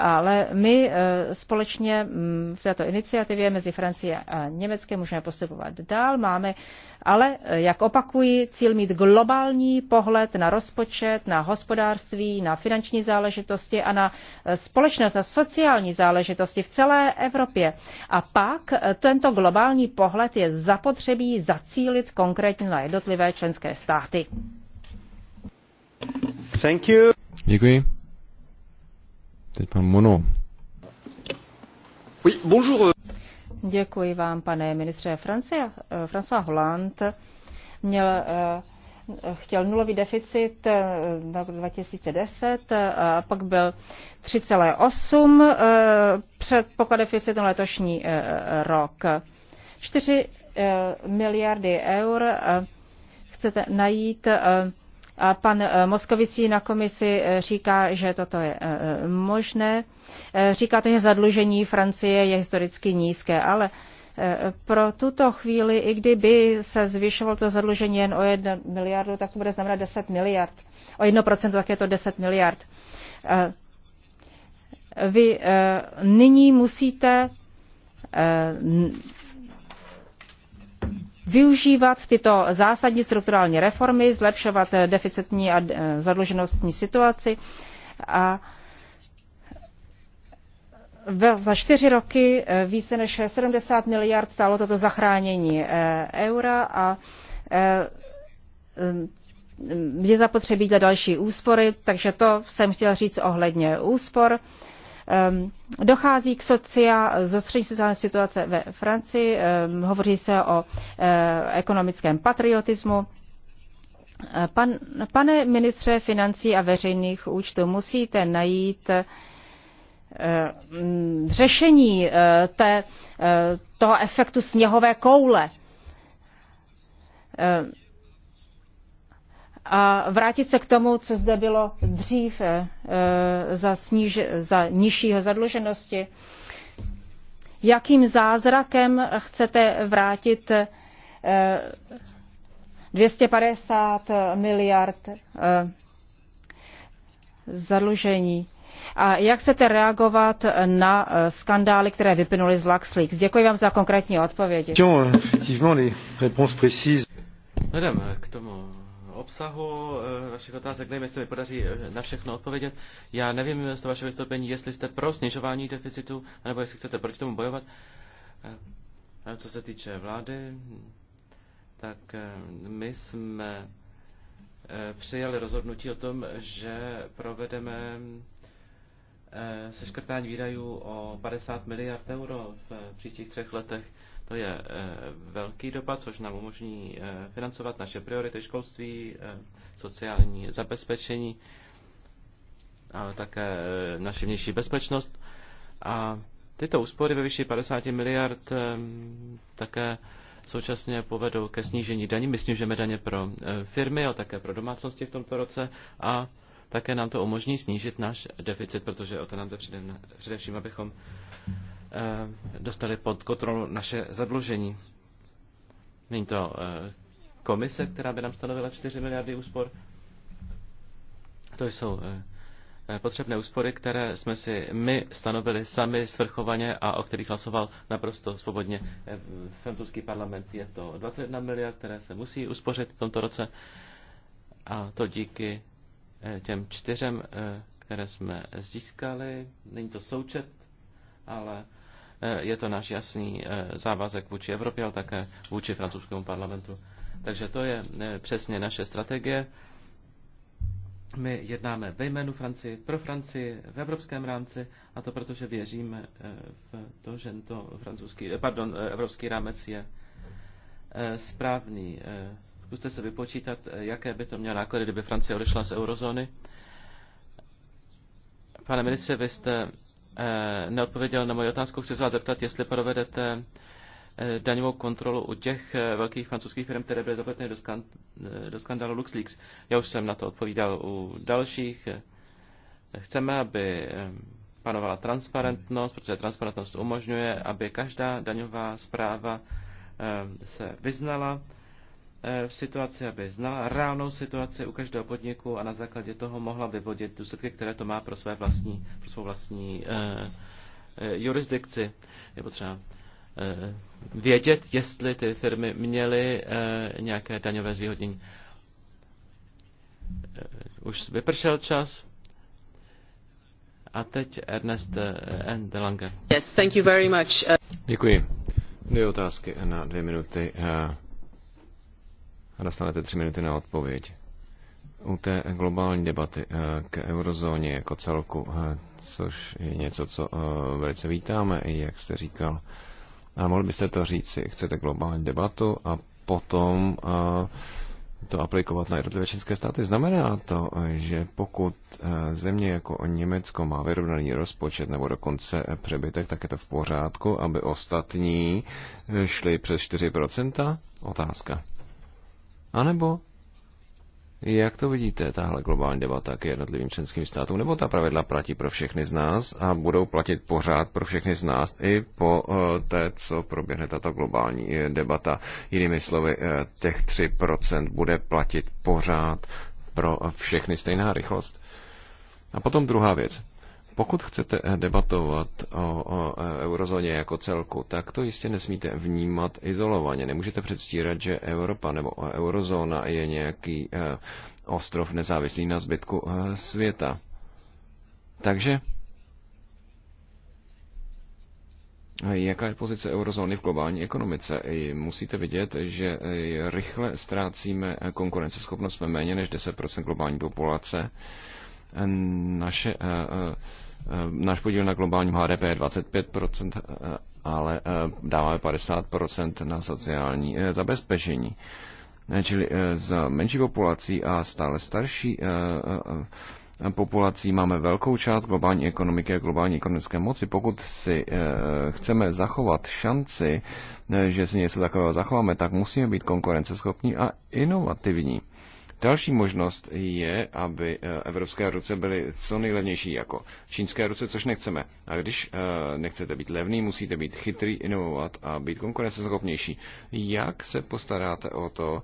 Ale my společně mm, v této iniciativě mezi Francií a Německem můžeme postupovat dál. Máme, ale jak opakuji, cíl mít globální pohled na rozpočet, na hospodářství, na finanční záležitosti a na společnost, a sociální záležitosti v celé Evropě. A pak tento tento globální pohled je zapotřebí zacílit konkrétně na jednotlivé členské státy. Thank you. Děkuji. Teď pan Mono. Oui, bonjour. Děkuji vám, pane ministře. Francia, eh, François Hollande měl eh, chtěl nulový deficit v roku 2010 a pak byl 3,8 eh, předpoklad na letošní eh, rok. 4 eh, miliardy eur chcete najít a pan Moskovicí na komisi říká, že toto je možné. Říká že zadlužení Francie je historicky nízké, ale pro tuto chvíli, i kdyby se zvyšovalo to zadlužení jen o 1 miliardu, tak to bude znamenat 10 miliard. O 1% tak je to 10 miliard. Eh, vy eh, nyní musíte eh, využívat tyto zásadní strukturální reformy, zlepšovat deficitní a zadluženostní situaci a za čtyři roky eh, více než 70 miliard stálo toto zachránění eh, eura a eh, je zapotřebí dělat další úspory, takže to jsem chtěla říct ohledně úspor. Dochází k socia, zostření sociální situace ve Francii, hovoří se o ekonomickém patriotismu. Pan, pane ministře financí a veřejných účtů, musíte najít Eh, řešení eh, té, eh, toho efektu sněhové koule a vrátit se k tomu, co zde bylo dřív za, sníž, za nižšího zadluženosti. Jakým zázrakem chcete vrátit 250 miliard zadlužení? a jak chcete reagovat na eh, skandály, které vyplynuly z LuxLeaks? Děkuji vám za konkrétní odpovědi. Vzhledem eh, k tomu obsahu eh, vašich otázek, nevím, jestli mi podaří na všechno odpovědět. Já nevím z toho vašeho vystoupení, jestli jste pro snižování deficitu, nebo jestli chcete proti tomu bojovat. A co se týče vlády, tak my jsme přijali rozhodnutí o tom, že provedeme Eh, seškrtání výdajů o 50 miliard euro v eh, příštích třech letech. To je eh, velký dopad, což nám umožní financovat naše priority školství, sociální zabezpečení, ale také naše vnější bezpečnost. A tyto úspory ve výši 50 miliard také současně povedou ke snížení daní. My snižujeme daně pro firmy, ale také pro domácnosti v tomto roce a také nám to umožní snížit náš deficit, protože o to nám jde především, abychom eh, dostali pod kontrolu naše zadlužení. Není to eh, komise, která by nám stanovila 4 miliardy úspor. To jsou eh, potřebné úspory, které jsme si my stanovili sami svrchovaně a o kterých hlasoval naprosto svobodně francouzský parlament. Je to 21 miliard, které se musí uspořit v tomto roce a to díky Eh, těm čtyřem, eh, které jsme získali. Není to součet, ale eh, je to náš jasný závazek vůči Evropě, ale také vůči francouzskému parlamentu. Takže to je přesně naše strategie. My jednáme ve jménu Francii, pro Francii, v evropském rámci, a to proto, že věříme v to, že to francouzský, pardon, evropský rámec je správný Zkuste se vypočítat, eh, jaké by to mělo náklady, kdyby Francie odešla z eurozóny. Pane ministře, vy jste eh, neodpověděl na moji otázku. Chci se vás zeptat, jestli provedete eh, daňovou kontrolu u těch velkých francouzských firm, které byly zapleteny do, skan- do skandálu LuxLeaks. Já už jsem na to odpovídal u dalších. Chceme, aby panovala transparentnost, protože transparentnost umožňuje, aby každá daňová zpráva se vyznala Eh, v situaci, aby znala reálnou situaci u každého podniku a na základě toho mohla vyvodit důsledky, které to má pro, své vlastní, pro svou vlastní eh, eh jurisdikci. Je potřeba eh, vědět, jestli ty firmy měly eh, nějaké daňové zvýhodnění. Eh, už vypršel čas. A teď Ernest De Delange. Yes, thank you very much. Děkuji. Dvě otázky na dvě minuty. Uh, a dostanete tři minuty na odpověď. U té globální debaty eh, k eurozóně jako celku, eh, což je něco, co eh, velice vítáme, i jak jste říkal. A mohl byste to si chcete globální debatu a potom to aplikovat na jednotlivé české státy. Znamená to, že pokud země jako Německo má vyrovnaný rozpočet nebo dokonce přebytek, tak je to v pořádku, aby ostatní šli přes 4%? Otázka. A nebo jak to vidíte, tahle globální debata k jednotlivým členským státům, nebo ta pravidla platí pro všechny z nás a budou platit pořád pro všechny z nás i po eh, té, co proběhne tato globální eh, debata. Jinými slovy, eh, těch 3% bude platit pořád pro všechny stejná rychlost. A potom druhá věc. Pokud chcete debatovat o, o e, eurozóně jako celku, tak to jistě nesmíte vnímat izolovaně. Nemůžete předstírat, že Evropa nebo e, eurozóna je nějaký e, ostrov nezávislý na zbytku světa. Takže Jaká je pozice eurozóny v globální ekonomice? Musíte vidět, že rychle ztrácíme konkurenceschopnost, jsme méně než 10% globální populace naše, eh, eh, náš podíl na globálním HDP je 25%, eh, ale dáváme 50% na sociální zabezpečení. Čili z menší populací a stále starší populací máme velkou část globální ekonomiky a globální ekonomické moci. Pokud si chceme zachovat šanci, že si něco takového zachováme, tak musíme být konkurenceschopní a inovativní. Další možnost je, aby eh, evropské ruce byly co nejlevnější jako čínské ruce, což nechceme. A když eh, nechcete být levný, musíte být chytrý, inovovat a být konkurenceschopnější. Jak se postaráte o to,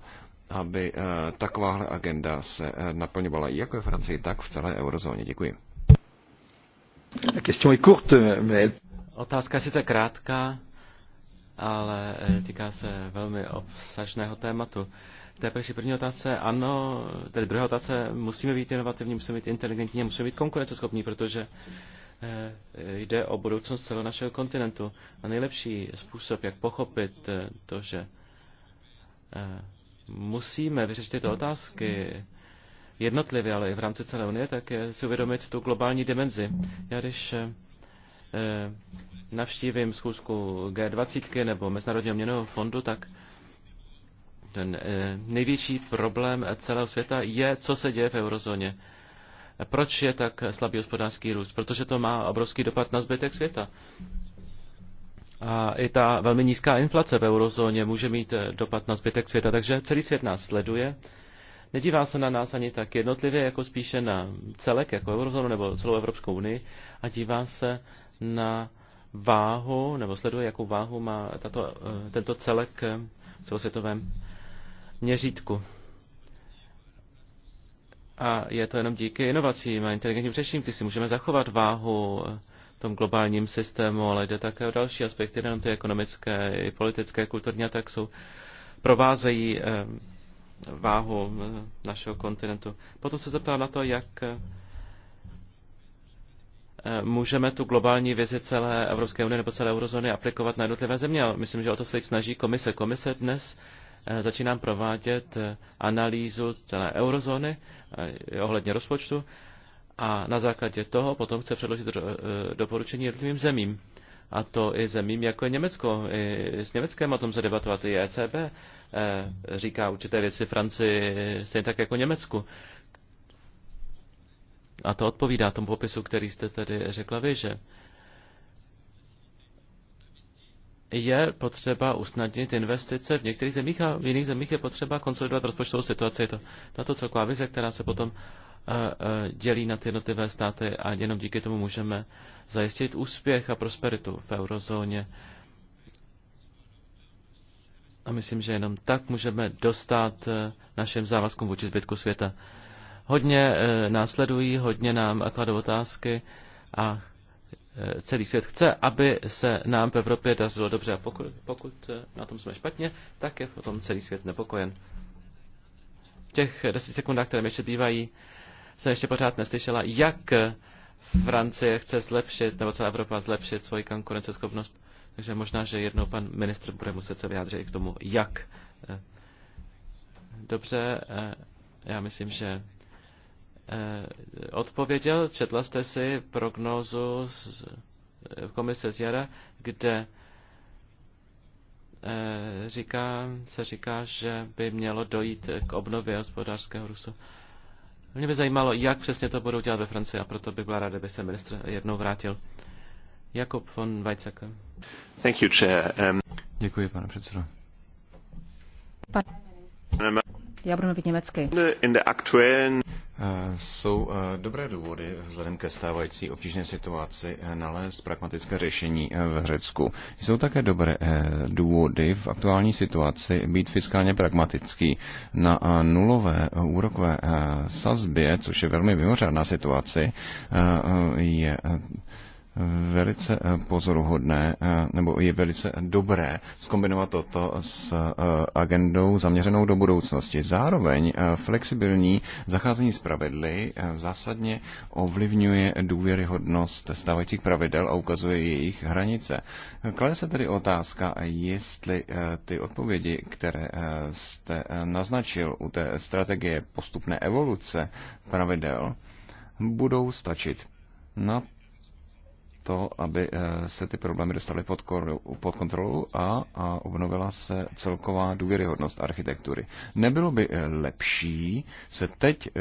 aby eh, takováhle agenda se naplňovala jak ve Francii, tak v celé eurozóně? Děkuji. Otázka je sice krátká, ale týká se velmi obsažného tématu té první, první otázce, ano, tedy druhé otázce, musíme být inovativní, musíme být inteligentní, musíme být konkurenceschopní, protože eh, jde o budoucnost celého našeho kontinentu. A nejlepší způsob, jak pochopit eh, to, že eh, musíme vyřešit tyto otázky jednotlivě, ale i v rámci celé Unie, tak je si uvědomit tu globální dimenzi. Já když navštívím schůzku G20 nebo Mezinárodního měnového fondu, tak ten eh, největší problém celého světa je, co se děje v eurozóně. Proč je tak slabý hospodářský růst? Protože to má obrovský dopad na zbytek světa. A i ta velmi nízká inflace v eurozóně může mít eh, dopad na zbytek světa, takže celý svět nás sleduje. Nedívá se na nás ani tak jednotlivě, jako spíše na celek, jako eurozónu nebo celou Evropskou unii, a dívá se na váhu, nebo sleduje, jakou váhu má tato, eh, tento celek v celosvětovém měřítku. A je to jenom díky inovacím a inteligentním řešením, kdy si můžeme zachovat váhu v tom globálním systému, ale jde také o další aspekty, nejenom ty ekonomické, i politické, kulturní a tak jsou, provázejí eh, váhu eh, našeho kontinentu. Potom se zeptám na to, jak eh, můžeme tu globální vizi celé Evropské unie nebo celé eurozóny aplikovat na jednotlivé země. Myslím, že o to se snaží komise. Komise dnes Eh, začínám provádět eh, analýzu celé eurozóny eh, ohledně rozpočtu a na základě toho potom chce předložit doporučení jednotlivým zemím. A to i zemím, jako je Německo. I s Německem o tom se debatovat i ECB říká určité věci Francii stejně tak jako Německu. A to odpovídá tomu popisu, který jste tedy řekla vy, že je potřeba usnadnit investice v některých zemích a v jiných zemích je potřeba konsolidovat rozpočtovou situaci. Je to tato celková vize, která se potom eh, eh, dělí na ty jednotlivé státy a jenom díky tomu můžeme zajistit úspěch a prosperitu v eurozóně. A myslím, že jenom tak můžeme dostat eh, našim závazkům vůči zbytku světa. Hodně následují, hodně nám kladou otázky a Eh, celý svět chce, aby se nám v Evropě dařilo dobře a pokud, pokud eh, na tom jsme špatně, tak je potom celý svět nepokojen. V těch deset sekundách, které mi ještě bývají, jsem ještě pořád neslyšela, jak Francie chce zlepšit, nebo celá Evropa zlepšit svoji konkurenceschopnost. Takže možná, že jednou pan ministr bude muset se vyjádřit i k tomu, jak. Eh, dobře, já myslím, že Eh, odpověděl. Četla jste si prognózu z eh, komise z jara, kde eh, říká, se říká, že by mělo dojít k obnově hospodářského růstu. Mě by zajímalo, jak přesně to budou dělat ve Francii a proto bych byla ráda, kdyby se ministr jednou vrátil. Jakub von Weizsäcker. Thank you, chair. Um... Děkuji, pane předsedo. Pan... Já budu mluvit německy. In the aktuellen... Eh, jsou eh, dobré důvody vzhledem ke stávající obtížné situaci eh, nalézt pragmatické řešení v Řecku. Jsou také dobré důvody v aktuální situaci být fiskálně pragmatický na nulové úrokové sazbě, což je velmi mimořádná situace, je velice eh, pozoruhodné, eh, nebo je velice dobré zkombinovat toto s eh, agendou zaměřenou do budoucnosti. Zároveň flexibilní zacházení s pravidly zásadně ovlivňuje důvěryhodnost stávajících pravidel a ukazuje jejich hranice. Klade se tedy otázka, jestli ty odpovědi, které jste naznačil u té strategie postupné evoluce pravidel, budou stačit na to, aby eh, se ty problémy dostaly pod, pod kontrolu a, a obnovila se celková důvěryhodnost architektury. Nebylo by eh, lepší se teď eh,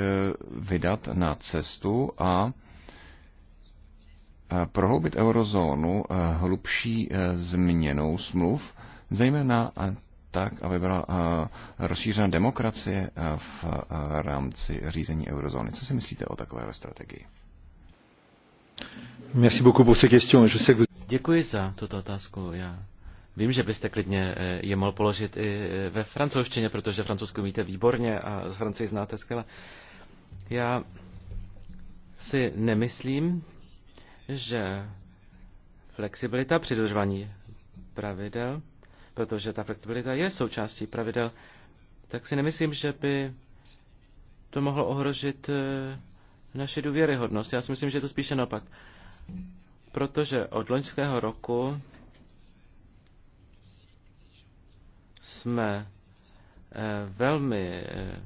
vydat na cestu a prohloubit eurozónu hlubší změnou smluv, zejména tak, aby byla rozšířena demokracie v rámci řízení eurozóny. Co si myslíte o takové strategii? Děkuji za tuto otázku. Já vím, že byste klidně eh, je mohl položit i eh, ve francouzštině, protože francouzsku víte výborně a z Francii znáte skvěle. Já si nemyslím, že flexibilita při dodržování pravidel, protože ta flexibilita je součástí pravidel, tak si nemyslím, že by to mohlo ohrožit eh, naši důvěryhodnost. Já si myslím, že je to spíše naopak. Protože od loňského roku jsme eh, velmi eh,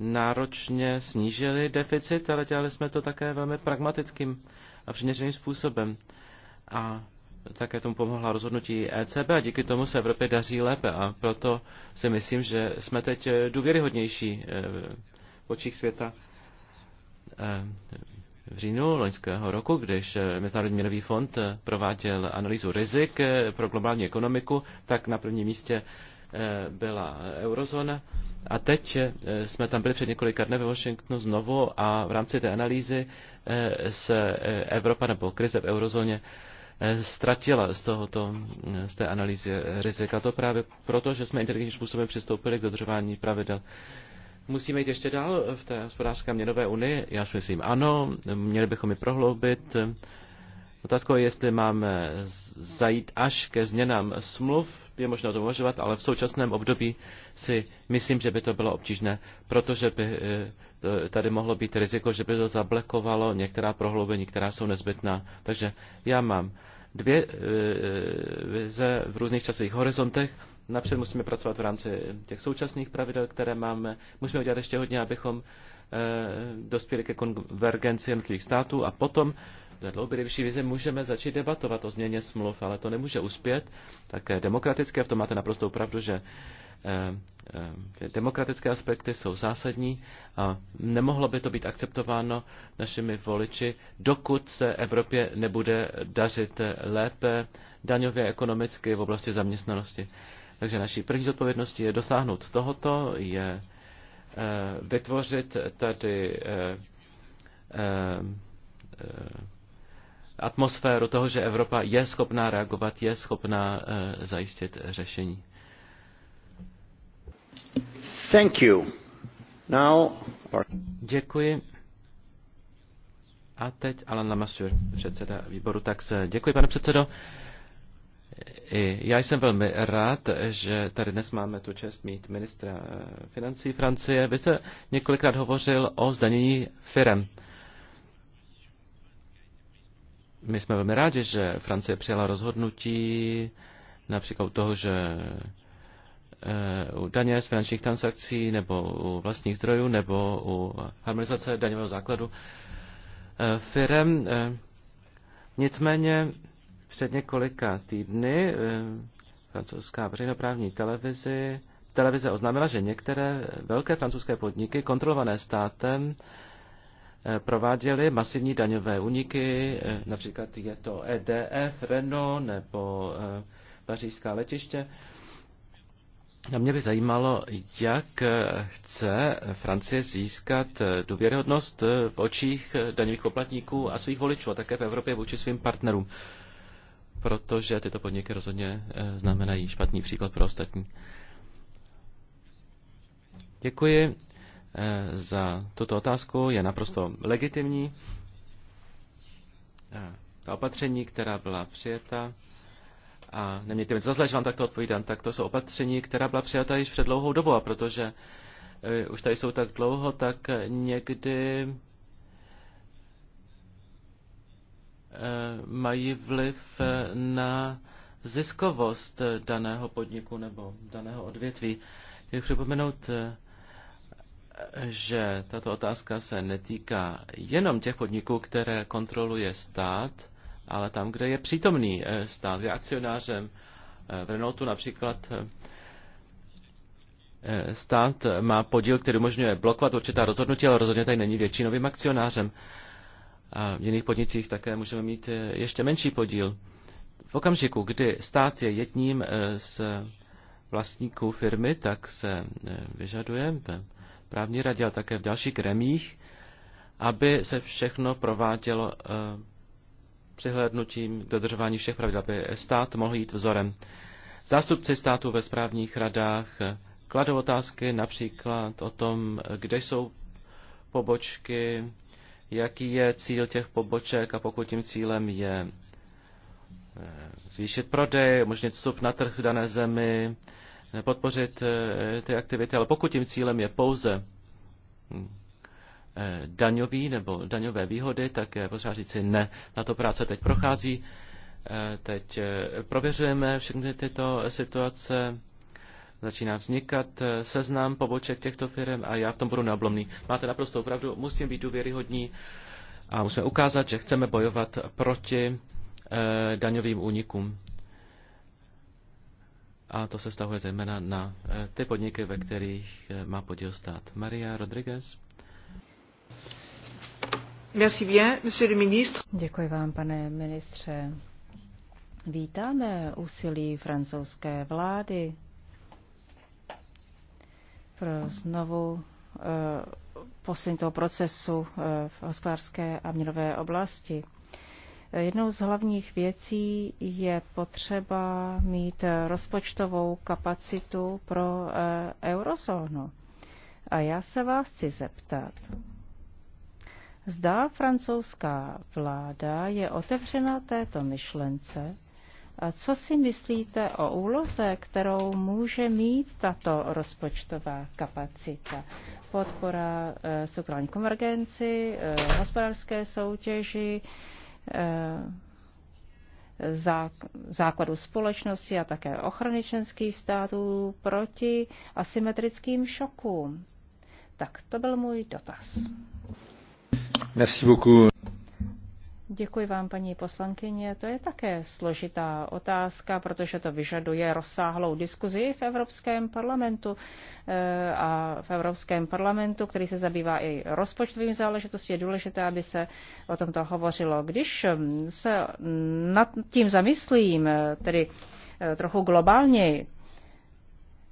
náročně snížili deficit, ale dělali jsme to také velmi pragmatickým a přiměřeným způsobem. A také tomu pomohla rozhodnutí ECB a díky tomu se Evropě daří lépe a proto si myslím, že jsme teď důvěryhodnější eh, v očích světa. Eh, v říjnu loňského roku, když eh, Mezinárodní měnový fond eh, prováděl analýzu rizik pro globální ekonomiku, tak na prvním místě byla eurozóna. A teď jsme tam byli před několika dny ve Washingtonu znovu a v rámci té analýzy se Evropa nebo krize v eurozóně ztratila z, tohoto, z té analýzy rizika. To právě proto, že jsme inteligentním způsobem přistoupili k dodržování pravidel Musíme jít ještě dál v té hospodářské měnové unii? Já si myslím, ano, měli bychom ji prohloubit. Otázkou je, jestli máme zajít až ke změnám smluv, je možno to uvažovat, ale v současném období si myslím, že by to bylo obtížné, protože by eh, tady mohlo být riziko, že by to zablekovalo některá prohloubení, která jsou nezbytná. Takže já mám dvě eh, eh, vize v různých časových horizontech napřed musíme pracovat v rámci těch současných pravidel, které máme. Musíme udělat ještě hodně, abychom eh, dospěli ke konvergenci jednotlivých států a potom ve dlouhodobější vizi můžeme začít debatovat o změně smluv, ale to nemůže uspět také eh, demokratické, v tom máte naprostou pravdu, že ty eh, demokratické aspekty jsou zásadní a nemohlo by to být akceptováno našimi voliči, dokud se Evropě nebude dařit lépe daňově a ekonomicky v oblasti zaměstnanosti. Takže naší první zodpovědností je dosáhnout tohoto, je eh, vytvořit tady eh, eh, atmosféru toho, že Evropa je schopná reagovat, je schopná zajistit řešení. Thank you. Now... or... Děkuji. A teď Alan Lamassur, předseda výboru. Tak se děkuji, pane předsedo já jsem velmi rád, že tady dnes máme tu čest mít ministra eh, financí Francie. Vy jste několikrát hovořil o zdanění firem. My jsme velmi rádi, že Francie přijala rozhodnutí například toho, že eh, u daně z finančních transakcí nebo u vlastních zdrojů nebo u harmonizace daňového základu eh, firem. Nicméně před několika týdny eh, francouzská veřejnoprávní televizi, televize oznámila, že některé velké francouzské podniky kontrolované státem eh, prováděly masivní daňové úniky, eh, například je to EDF, Renault nebo pařížská letiště. A mě by zajímalo, jak chce Francie získat důvěryhodnost v očích daňových poplatníků a svých voličů a také v Evropě vůči svým partnerům protože tyto podniky rozhodně eh, znamenají špatný příklad pro ostatní. Děkuji eh, za tuto otázku. Je naprosto legitimní. Eh, ta opatření, která byla přijeta, a nemějte mi to zazle, že vám takto odpovídám, tak to jsou opatření, která byla přijata již před dlouhou dobu, a protože už tady jsou tak dlouho, tak někdy Eh, mají vliv eh, na ziskovost daného podniku nebo daného odvětví. Chci připomenout, eh, že tato otázka se netýká jenom těch podniků, které kontroluje stát, ale tam, kde je přítomný stát, je akcionářem v Renaultu například stát má podíl, který umožňuje blokovat určitá rozhodnutí, ale rozhodně tady není většinovým akcionářem a v jiných podnicích také můžeme mít eh, ještě menší podíl. V okamžiku, kdy stát je jedním eh, z vlastníků firmy, tak se eh, vyžaduje v právní radě, ale také v dalších gremích, aby se všechno provádělo přihlédnutím k dodržování všech pravidel, aby stát mohl jít vzorem. Zástupci státu ve správních radách kladou otázky například o tom, kde jsou pobočky jaký je cíl těch poboček a pokud tím cílem je eh, zvýšit prodej, umožnit vstup na trh v dané zemi, podpořit eh, ty aktivity, ale pokud tím cílem je pouze hm, eh, daňový nebo daňové výhody, tak je potřeba si ne. Na to práce teď prochází. Teď prověřujeme všechny tyto situace začíná vznikat eh, seznam poboček těchto firm a já v tom budu neoblomný. Máte naprosto pravdu, musím být důvěryhodní a musíme ukázat, že chceme bojovat proti eh, daňovým únikům. A to se stahuje zejména na eh, ty podniky, ve kterých eh, má podíl stát. Maria Rodriguez. Merci bien, monsieur le ministre. Děkuji vám, pane ministře. Vítáme úsilí francouzské vlády Eh, znovu eh, posun toho procesu eh, v hospodářské a měnové oblasti. Jednou z hlavních věcí je potřeba mít rozpočtovou kapacitu pro eurozónu. A já se vás chci zeptat, zda francouzská vláda je otevřena této myšlence co si myslíte o úloze, kterou může mít tato rozpočtová kapacita? Podpora eh, strukturální konvergenci, eh, hospodářské soutěži, eh, základu společnosti a také ochrany členských států proti asymetrickým šokům. Tak to byl můj dotaz. Merci beaucoup. Děkuji vám, paní poslankyně. To je také složitá otázka, protože to vyžaduje rozsáhlou diskuzi v Evropském parlamentu eh, a v Evropském parlamentu, který se zabývá i rozpočtovým záležitostí, je důležité, aby se o tomto hovořilo. Když hm, se nad tím zamyslím, eh, tedy eh, trochu globálněji,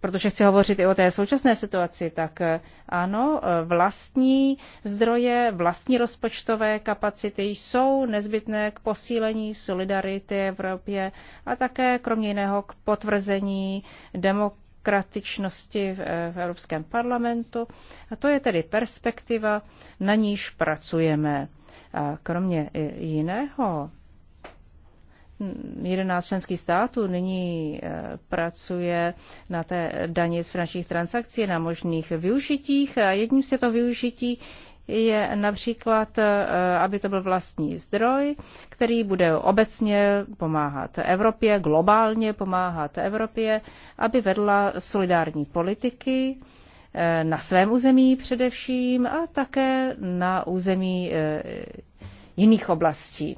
protože chci hovořit i o té současné situaci, tak eh, ano, eh, vlastní zdroje, vlastní rozpočtové kapacity jsou nezbytné k posílení solidarity Evropě a také kromě jiného k potvrzení demokratičnosti eh, v Evropském parlamentu. A to je tedy perspektiva, na níž pracujeme. A kromě jiného 11 členských států nyní eh, pracuje na té daně z finančních transakcí, na možných využitích. A jedním z těchto využití je například, eh, aby to byl vlastní zdroj, který bude obecně pomáhat Evropě, globálně pomáhat Evropě, aby vedla solidární politiky eh, na svém území především a také na území jiných oblastí.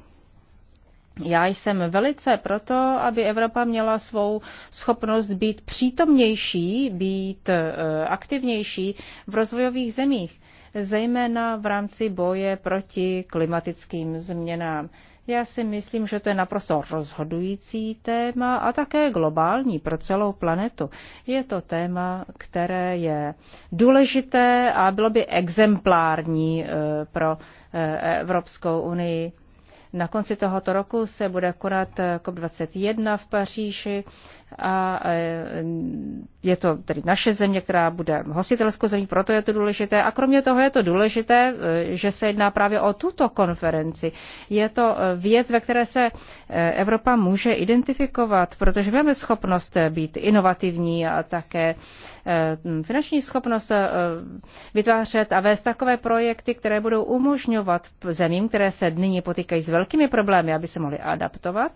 Já jsem velice proto, aby Evropa měla svou schopnost být přítomnější, být eh, aktivnější v rozvojových zemích, zejména v rámci boje proti klimatickým změnám. Já si myslím, že to je naprosto rozhodující téma a také globální pro celou planetu. Je to téma, které je důležité a bylo by exemplární eh, pro eh, Evropskou unii. Na konci tohoto roku se bude konat eh, COP21 v Paříži, a e, je to tedy naše země, která bude hostitelskou zemí, proto je to důležité. A kromě toho je to důležité, e, že se jedná právě o tuto konferenci. Je to e, věc, ve které se Evropa může identifikovat, protože máme schopnost být inovativní a také finanční schopnost vytvářet a vést takové projekty, které budou umožňovat zemím, které se nyní potýkají s velkými problémy, aby se mohly adaptovat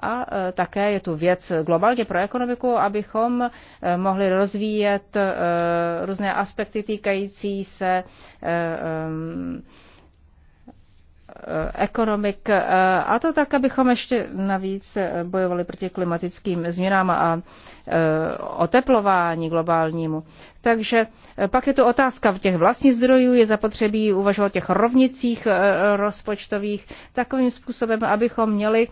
a e, také je tu věc globálně pro ekonomiku, abychom e, mohli rozvíjet e, různé aspekty týkající se Eh, ekonomik eh, a to tak, abychom ještě navíc eh, bojovali proti klimatickým změnám a oteplování globálnímu. Takže pak je to otázka v těch vlastních zdrojů, je zapotřebí uvažovat o těch rovnicích rozpočtových takovým způsobem, abychom měli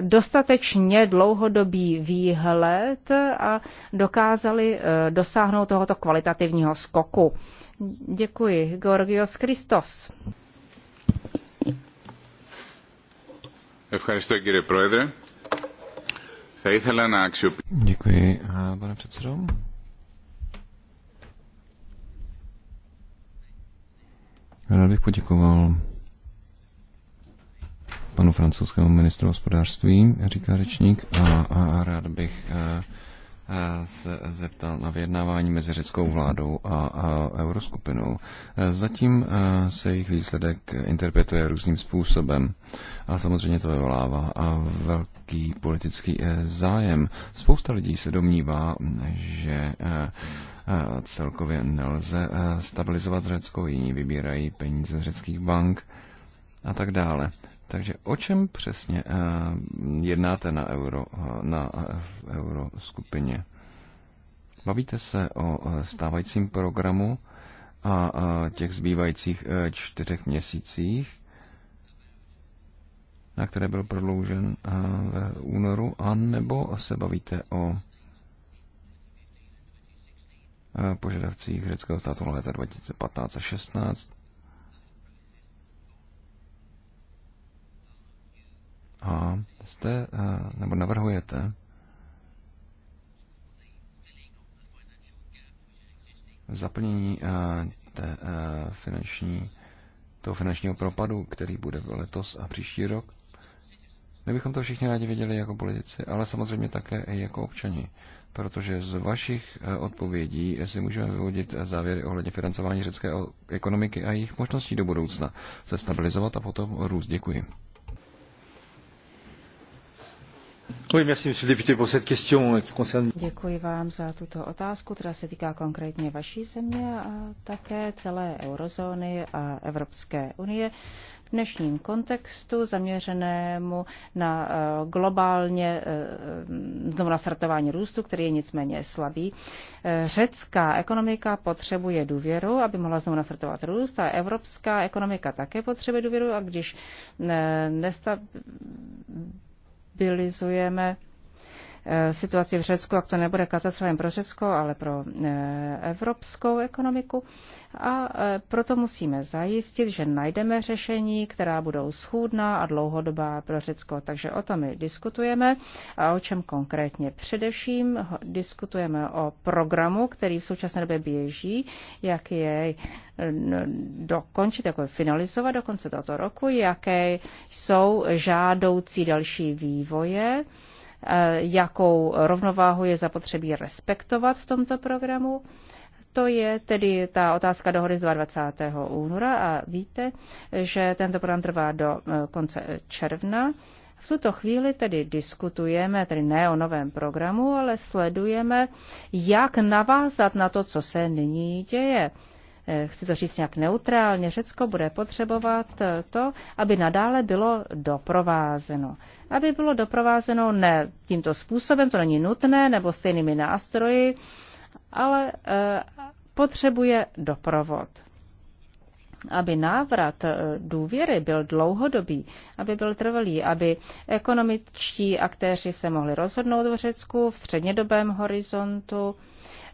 dostatečně dlouhodobý výhled a dokázali dosáhnout tohoto kvalitativního skoku. Děkuji. Georgios Christos. Děkuji, eh, pane předsedo. Rád bych poděkoval panu francouzskému ministru hospodářství, říká řečník, a, a rád bych a, eh, se zeptal na vyjednávání mezi řeckou vládou a euroskupinou. Zatím eh, se jejich výsledek interpretuje různým způsobem a samozřejmě to vyvolává eh, velký politický eh, zájem. Spousta lidí se domnívá, že celkově nelze stabilizovat Řecko, jiní vybírají peníze z řeckých bank a tak dále. Takže o čem přesně eh, jednáte na euro, eh, na eh, euro skupině? Bavíte se o stávajícím programu a těch zbývajících čtyřech měsících, na které byl prodloužen v únoru, anebo se bavíte o požadavcích řeckého státu léta 2015 a 16 A jste, eh, nebo navrhujete, zaplnění eh, té eh, finanční, toho finančního propadu, který bude letos a příští rok. My bychom to všichni rádi věděli jako politici, ale samozřejmě také i jako občani, protože z vašich odpovědí si můžeme vyvodit závěry ohledně financování řecké ekonomiky a jejich možností do budoucna se stabilizovat a potom růst. Děkuji. Děkuji vám za tuto otázku, která se týká konkrétně vaší země a také celé eurozóny a Evropské unie v dnešním kontextu zaměřenému na eh, globálně eh, znovu nastartování růstu, který je nicméně slabý. Eh, řecká ekonomika potřebuje důvěru, aby mohla znovu nastartovat růst a evropská ekonomika také potřebuje důvěru a když nestav stabilizujeme. Eh, situaci v Řecku, jak to nebude katastrofem pro Řecko, ale pro eh, evropskou ekonomiku. A eh, proto musíme zajistit, že najdeme řešení, která budou schůdná a dlouhodobá pro Řecko. Takže o tom my diskutujeme a o čem konkrétně. Především diskutujeme o programu, který v současné době běží, jak je dokončit, jako finalizovat do konce tohoto roku, jaké jsou žádoucí další vývoje Eh, jakou rovnováhu je zapotřebí respektovat v tomto programu. To je tedy ta otázka dohody z 22. února a víte, že tento program trvá do eh, konce června. V tuto chvíli tedy diskutujeme, tedy ne o novém programu, ale sledujeme, jak navázat na to, co se nyní děje. Eh, chci to říct nějak neutrálně, Řecko bude potřebovat eh, to, aby nadále bylo doprovázeno. Aby bylo doprovázeno ne tímto způsobem, to není nutné, nebo stejnými nástroji, ale eh, potřebuje doprovod. Aby návrat důvěry byl dlouhodobý, aby byl trvalý, aby ekonomičtí aktéři se mohli rozhodnout v Řecku v střednědobém horizontu,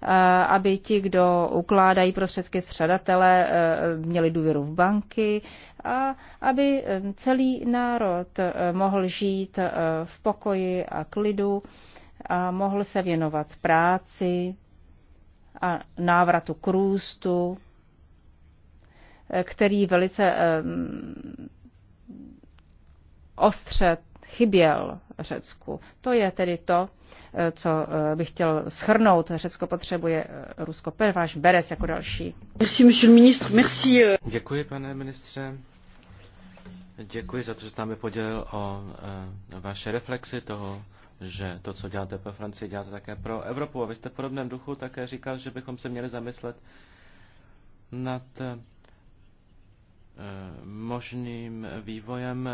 Eh, aby ti, kdo ukládají prostředky středatele, eh, měli důvěru v banky a aby eh, celý národ mohl žít v pokoji a klidu a mohl se věnovat práci a návratu k růstu, který velice ostře chyběl Řecku. To je tedy to, eh, co eh, bych chtěl schrnout. Řecko potřebuje eh, Rusko. Perváš Beres jako další. Merci, monsieur le ministre. Merci. Euh. Děkuji, pane ministře. Děkuji za to, že jste nám podělil o vaše reflexy toho, že to, co děláte pro Francii, děláte také pro Evropu. A vy jste v podobném duchu také říkal, že bychom se měli zamyslet nad možným vývojem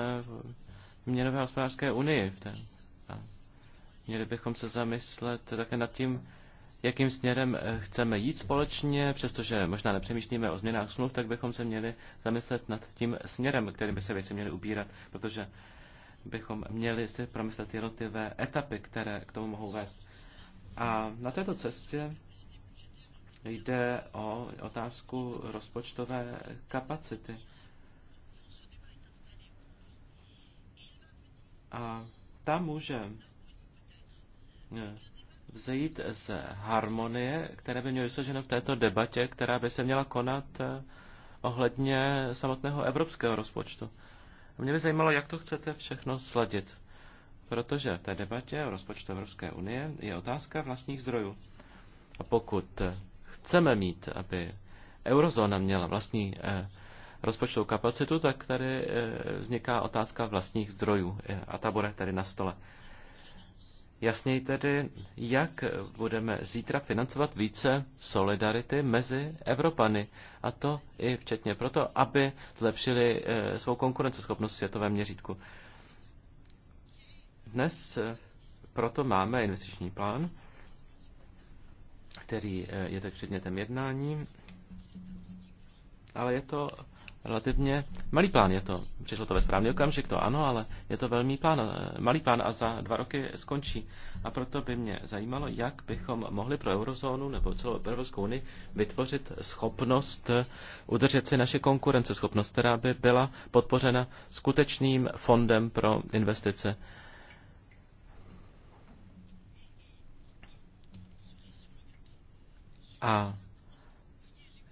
měnové hospodářské unii. V té. A měli bychom se zamyslet také nad tím, jakým směrem eh, chceme jít společně, přestože možná nepřemýšlíme o změnách smluv, tak bychom se měli zamyslet nad tím směrem, kterým by se věci měly ubírat, protože bychom měli si promyslet jednotlivé etapy, které k tomu mohou vést. A na této cestě jde o otázku rozpočtové kapacity. A ta může eh, vzejít z harmonie, které by měly složeno v této debatě, která by se měla konat eh, ohledně samotného evropského rozpočtu. A mě by zajímalo, jak to chcete všechno sladit. Protože v té debatě o rozpočtu Evropské unie je otázka vlastních zdrojů. A pokud eh, chceme mít, aby eurozóna měla vlastní eh, rozpočtovou kapacitu, tak tady eh, vzniká otázka vlastních zdrojů eh, a ta bude tady na stole. Jasněji tedy, jak budeme zítra financovat více solidarity mezi Evropany. A to i včetně proto, aby zlepšili eh, svou konkurenceschopnost v světovém měřítku. Dnes proto máme investiční plán, který je tak předmětem jednání, ale je to relativně malý plán je to. Přišlo to ve správný okamžik, to ano, ale je to velmi plán, eh, malý plán a za dva roky skončí. A proto by mě zajímalo, jak bychom mohli pro eurozónu nebo celou Evropskou unii vytvořit schopnost eh, udržet si naše konkurenceschopnost, která by byla podpořena skutečným fondem pro investice. A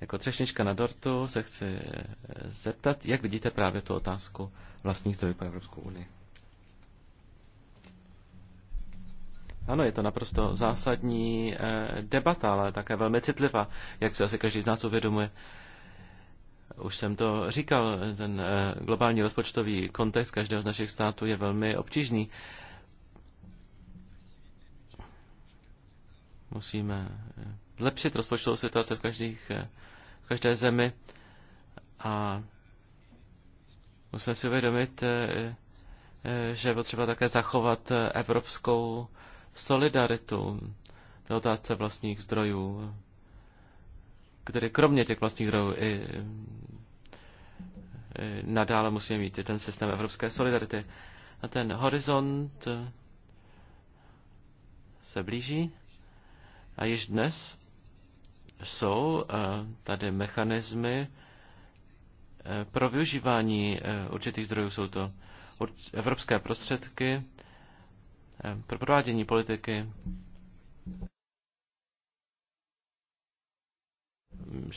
jako třešnička na dortu se chci eh, zeptat, jak vidíte právě tu otázku vlastních zdrojů pro Evropskou unii. Ano, je to naprosto zásadní eh, debata, ale také velmi citlivá, jak se asi každý z nás uvědomuje. Už jsem to říkal, ten eh, globální rozpočtový kontext každého z našich států je velmi obtížný. Musíme eh, zlepšit rozpočtovou situaci v, každých, eh, v každé zemi a musíme si uvědomit, eh, že je potřeba také zachovat evropskou solidaritu té otázce vlastních zdrojů, které kromě těch vlastních zdrojů i nadále musíme mít i ten systém evropské solidarity. A ten horizont se blíží. A již dnes jsou eh, tady mechanismy eh, pro využívání eh, určitých zdrojů. Jsou to evropské prostředky pro provádění politiky.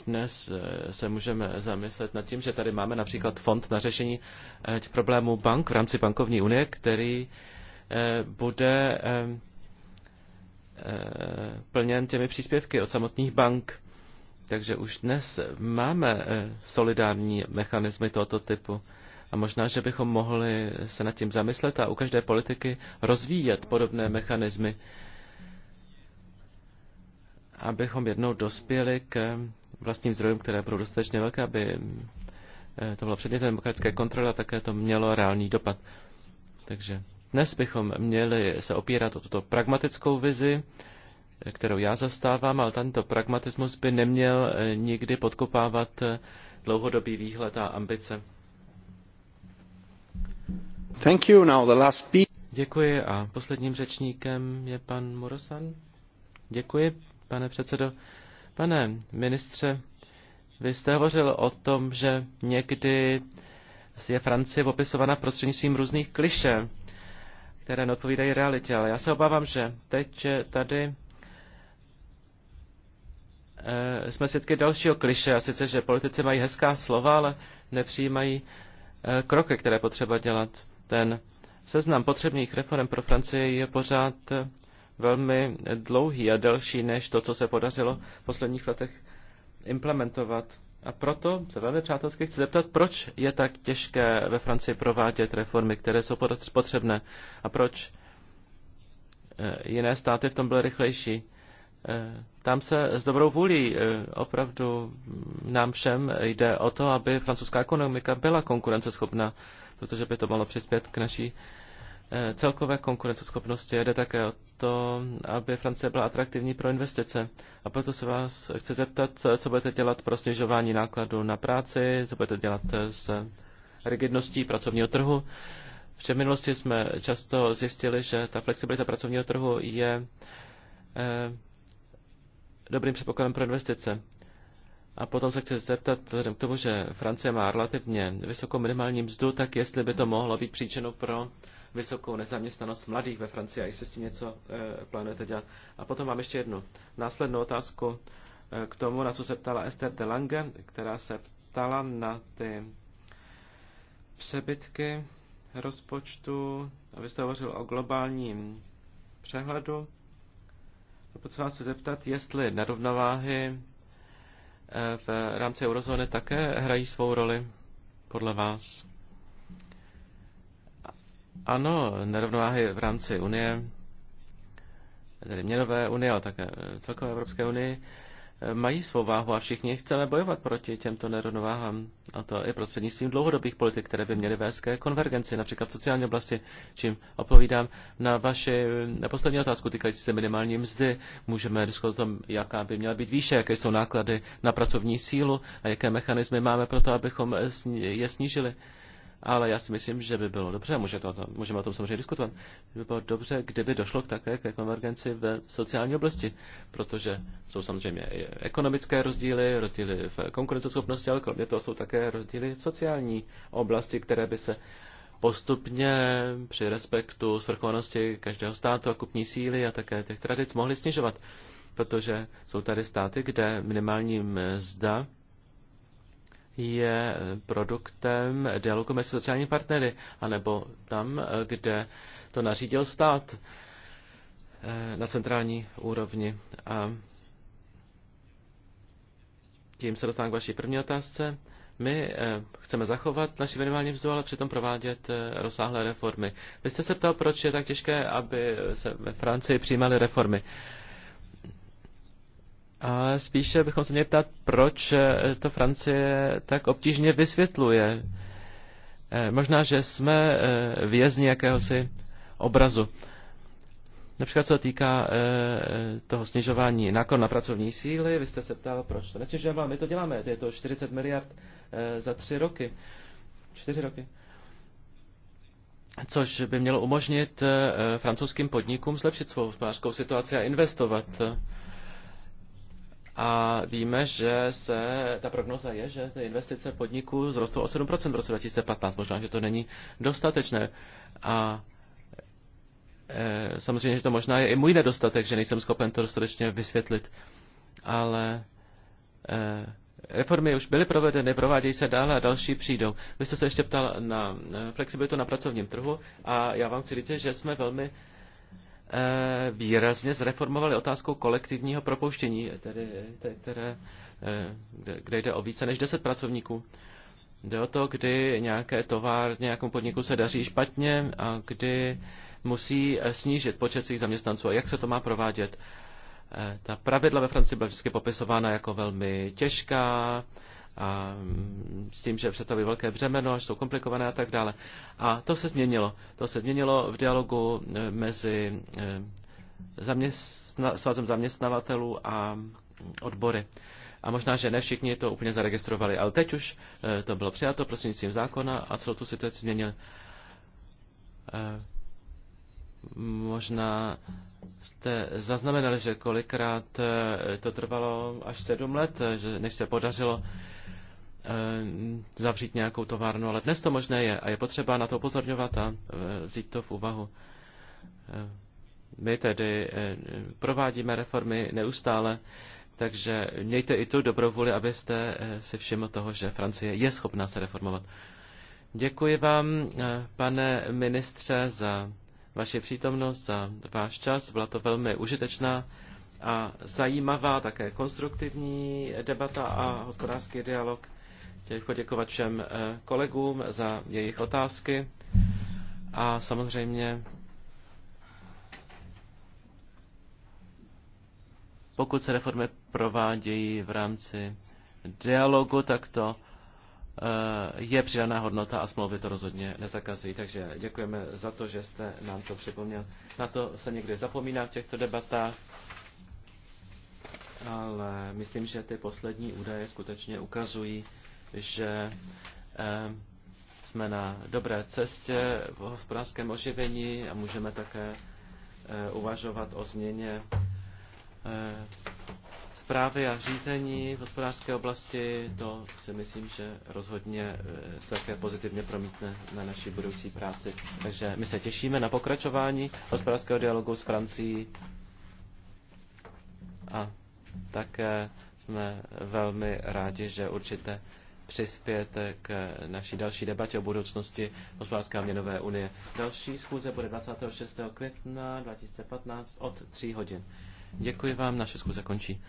Dnes se můžeme zamyslet nad tím, že tady máme například fond na řešení problémů bank v rámci bankovní unie, který bude Eh, plněn těmi příspěvky od samotných bank. Takže už dnes máme eh, solidární mechanismy tohoto typu. A možná, že bychom mohli se nad tím zamyslet a u každé politiky rozvíjet podobné mechanismy, abychom jednou dospěli k eh, vlastním zdrojům, které budou dostatečně velké, aby to bylo předmětem demokratické kontroly a také to mělo reálný dopad. Takže dnes bychom měli se opírat o tuto pragmatickou vizi, kterou já zastávám, ale tento pragmatismus by neměl nikdy podkopávat dlouhodobý výhled a ambice. Thank you. Now the last Děkuji a posledním řečníkem je pan Morosan. Děkuji, pane předsedo. Pane ministře, vy jste hovořil o tom, že někdy je Francie popisována prostřednictvím různých kliše které neodpovídají realitě. Ale já se obávám, že teď tady eh, jsme svědky dalšího kliše, a sice, že politici mají hezká slova, ale nepřijímají eh, kroky, které potřeba dělat. Ten seznam potřebných reform pro Francii je pořád eh, velmi dlouhý a delší než to, co se podařilo v posledních letech implementovat. A proto se velmi přátelsky chci zeptat, proč je tak těžké ve Francii provádět reformy, které jsou potřebné a proč eh, jiné státy v tom byly rychlejší. Eh, tam se s dobrou vůlí eh, opravdu mm, nám všem jde o to, aby francouzská ekonomika byla konkurenceschopná, protože by to mohlo přispět k naší celkové konkurenceschopnosti. Jde také o to, aby Francie byla atraktivní pro investice. A proto se vás chci zeptat, co budete dělat pro snižování nákladů na práci, co budete dělat s rigidností pracovního trhu. V minulosti jsme často zjistili, že ta flexibilita pracovního trhu je eh, dobrým předpokladem pro investice. A potom se chci zeptat, vzhledem k tomu, že Francie má relativně vysokou minimální mzdu, tak jestli by to mohlo být příčinou pro vysokou nezaměstnanost mladých ve Francii a jestli s tím něco eh, plánujete dělat. A potom mám ještě jednu následnou otázku eh, k tomu, na co se ptala Esther de Lange, která se ptala na ty přebytky rozpočtu. Vy jste hovořil o globálním přehledu. Potřeba se zeptat, jestli nerovnováhy eh, v rámci eurozóny také hrají svou roli podle vás? Ano, nerovnováhy v rámci Unie, tedy měnové unie, ale také eh, celkové Evropské unii, eh, mají svou váhu a všichni chceme bojovat proti těmto nerovnováhám, a to i prostřednictvím dlouhodobých politik, které by měly vést ke konvergenci, například v sociální oblasti, čím odpovídám na vaši na poslední otázku týkající se minimální mzdy. Můžeme diskutovat o tom, jaká by měla být výše, jaké jsou náklady na pracovní sílu a jaké mechanismy máme pro to, abychom je snížili ale já si myslím, že by bylo dobře, může to, můžeme o tom samozřejmě diskutovat, že by bylo dobře, kdyby došlo k také ke konvergenci ve sociální oblasti, protože jsou samozřejmě i ekonomické rozdíly, rozdíly v konkurenceschopnosti, ale kromě toho jsou také rozdíly v sociální oblasti, které by se postupně při respektu svrchovanosti každého státu a kupní síly a také těch tradic mohly snižovat, protože jsou tady státy, kde minimální mzda je produktem dialogu mezi sociálními partnery, anebo tam, kde to nařídil stát eh, na centrální úrovni. A tím se dostávám k vaší první otázce. My eh, chceme zachovat naši minimální mzdu, ale přitom provádět eh, rozsáhlé reformy. Vy jste se ptal, proč je tak těžké, aby se ve Francii přijímaly reformy. A spíše bychom se měli ptát, proč eh, to Francie tak obtížně vysvětluje. Eh, možná, že jsme eh, vězni jakéhosi obrazu. Například co týká toho snižování nákon na pracovní síly, vy jste se ptal, proč to nesnižujeme, ale my to děláme, je to 40 miliard za tři roky, čtyři roky. Což by mělo umožnit francouzským podnikům zlepšit svou hospodářskou situaci a investovat. A víme, že se, ta prognoza je, že ty investice podniků zrostou o 7% v roce 2015. Možná, že to není dostatečné. A e, samozřejmě, že to možná je i můj nedostatek, že nejsem schopen to dostatečně vysvětlit. Ale e, reformy už byly provedeny, provádějí se dále a další přijdou. Vy jste se ještě ptal na e, flexibilitu na pracovním trhu a já vám chci říct, že jsme velmi Eh, výrazně zreformovali otázkou kolektivního propouštění, tedy, které, eh, kde jde o více než 10 pracovníků. Jde o to, kdy nějaké továr, nějakému podniku se daří špatně a kdy musí eh, snížit počet svých zaměstnanců. A jak se to má provádět? Ta pravidla ve Francii byla vždycky popisována jako velmi těžká, a mm, s tím, že představují velké břemeno, až jsou komplikované a tak dále. A to se změnilo. To se změnilo v dialogu e, mezi e, zaměstna, svazem zaměstnavatelů a mm, odbory. A možná, že ne všichni to úplně zaregistrovali, ale teď už e, to bylo přijato prostřednictvím zákona a celou tu situaci změnil. Možná jste zaznamenali, že kolikrát eh, to trvalo až sedm let, eh, že než se podařilo eh, zavřít nějakou továrnu, ale dnes to možné je a je potřeba na to upozorňovat a vzít to v úvahu. My tedy provádíme reformy neustále, takže mějte i tu dobrou vůli, abyste si všiml toho, že Francie je schopná se reformovat. Děkuji vám, pane ministře, za vaši přítomnost, za váš čas. Byla to velmi užitečná a zajímavá, také konstruktivní debata a hospodářský dialog. Chtěl bych poděkovat všem eh, kolegům za jejich otázky a samozřejmě pokud se reformy provádějí v rámci dialogu, tak to Eh, je přidaná hodnota a smlouvy to rozhodně nezakazují. Takže děkujeme za to, že jste nám to připomněl. Na to se někdy zapomíná v těchto debatách, ale myslím, že ty poslední údaje skutečně ukazují, že eh, jsme na dobré cestě v hospodářském oživení a můžeme také eh, uvažovat o změně zprávy a řízení v hospodářské oblasti, to si myslím, že rozhodně eh, se také pozitivně promítne na naší budoucí práci. Takže my se těšíme na pokračování hospodářského dialogu s Francií a také jsme velmi rádi, že určitě přispějete k naší další debatě o budoucnosti hospodářské a měnové unie. Další schůze bude 26. května 2015 od 3 hodin. Děkuji vám, naše zkuze zakončí.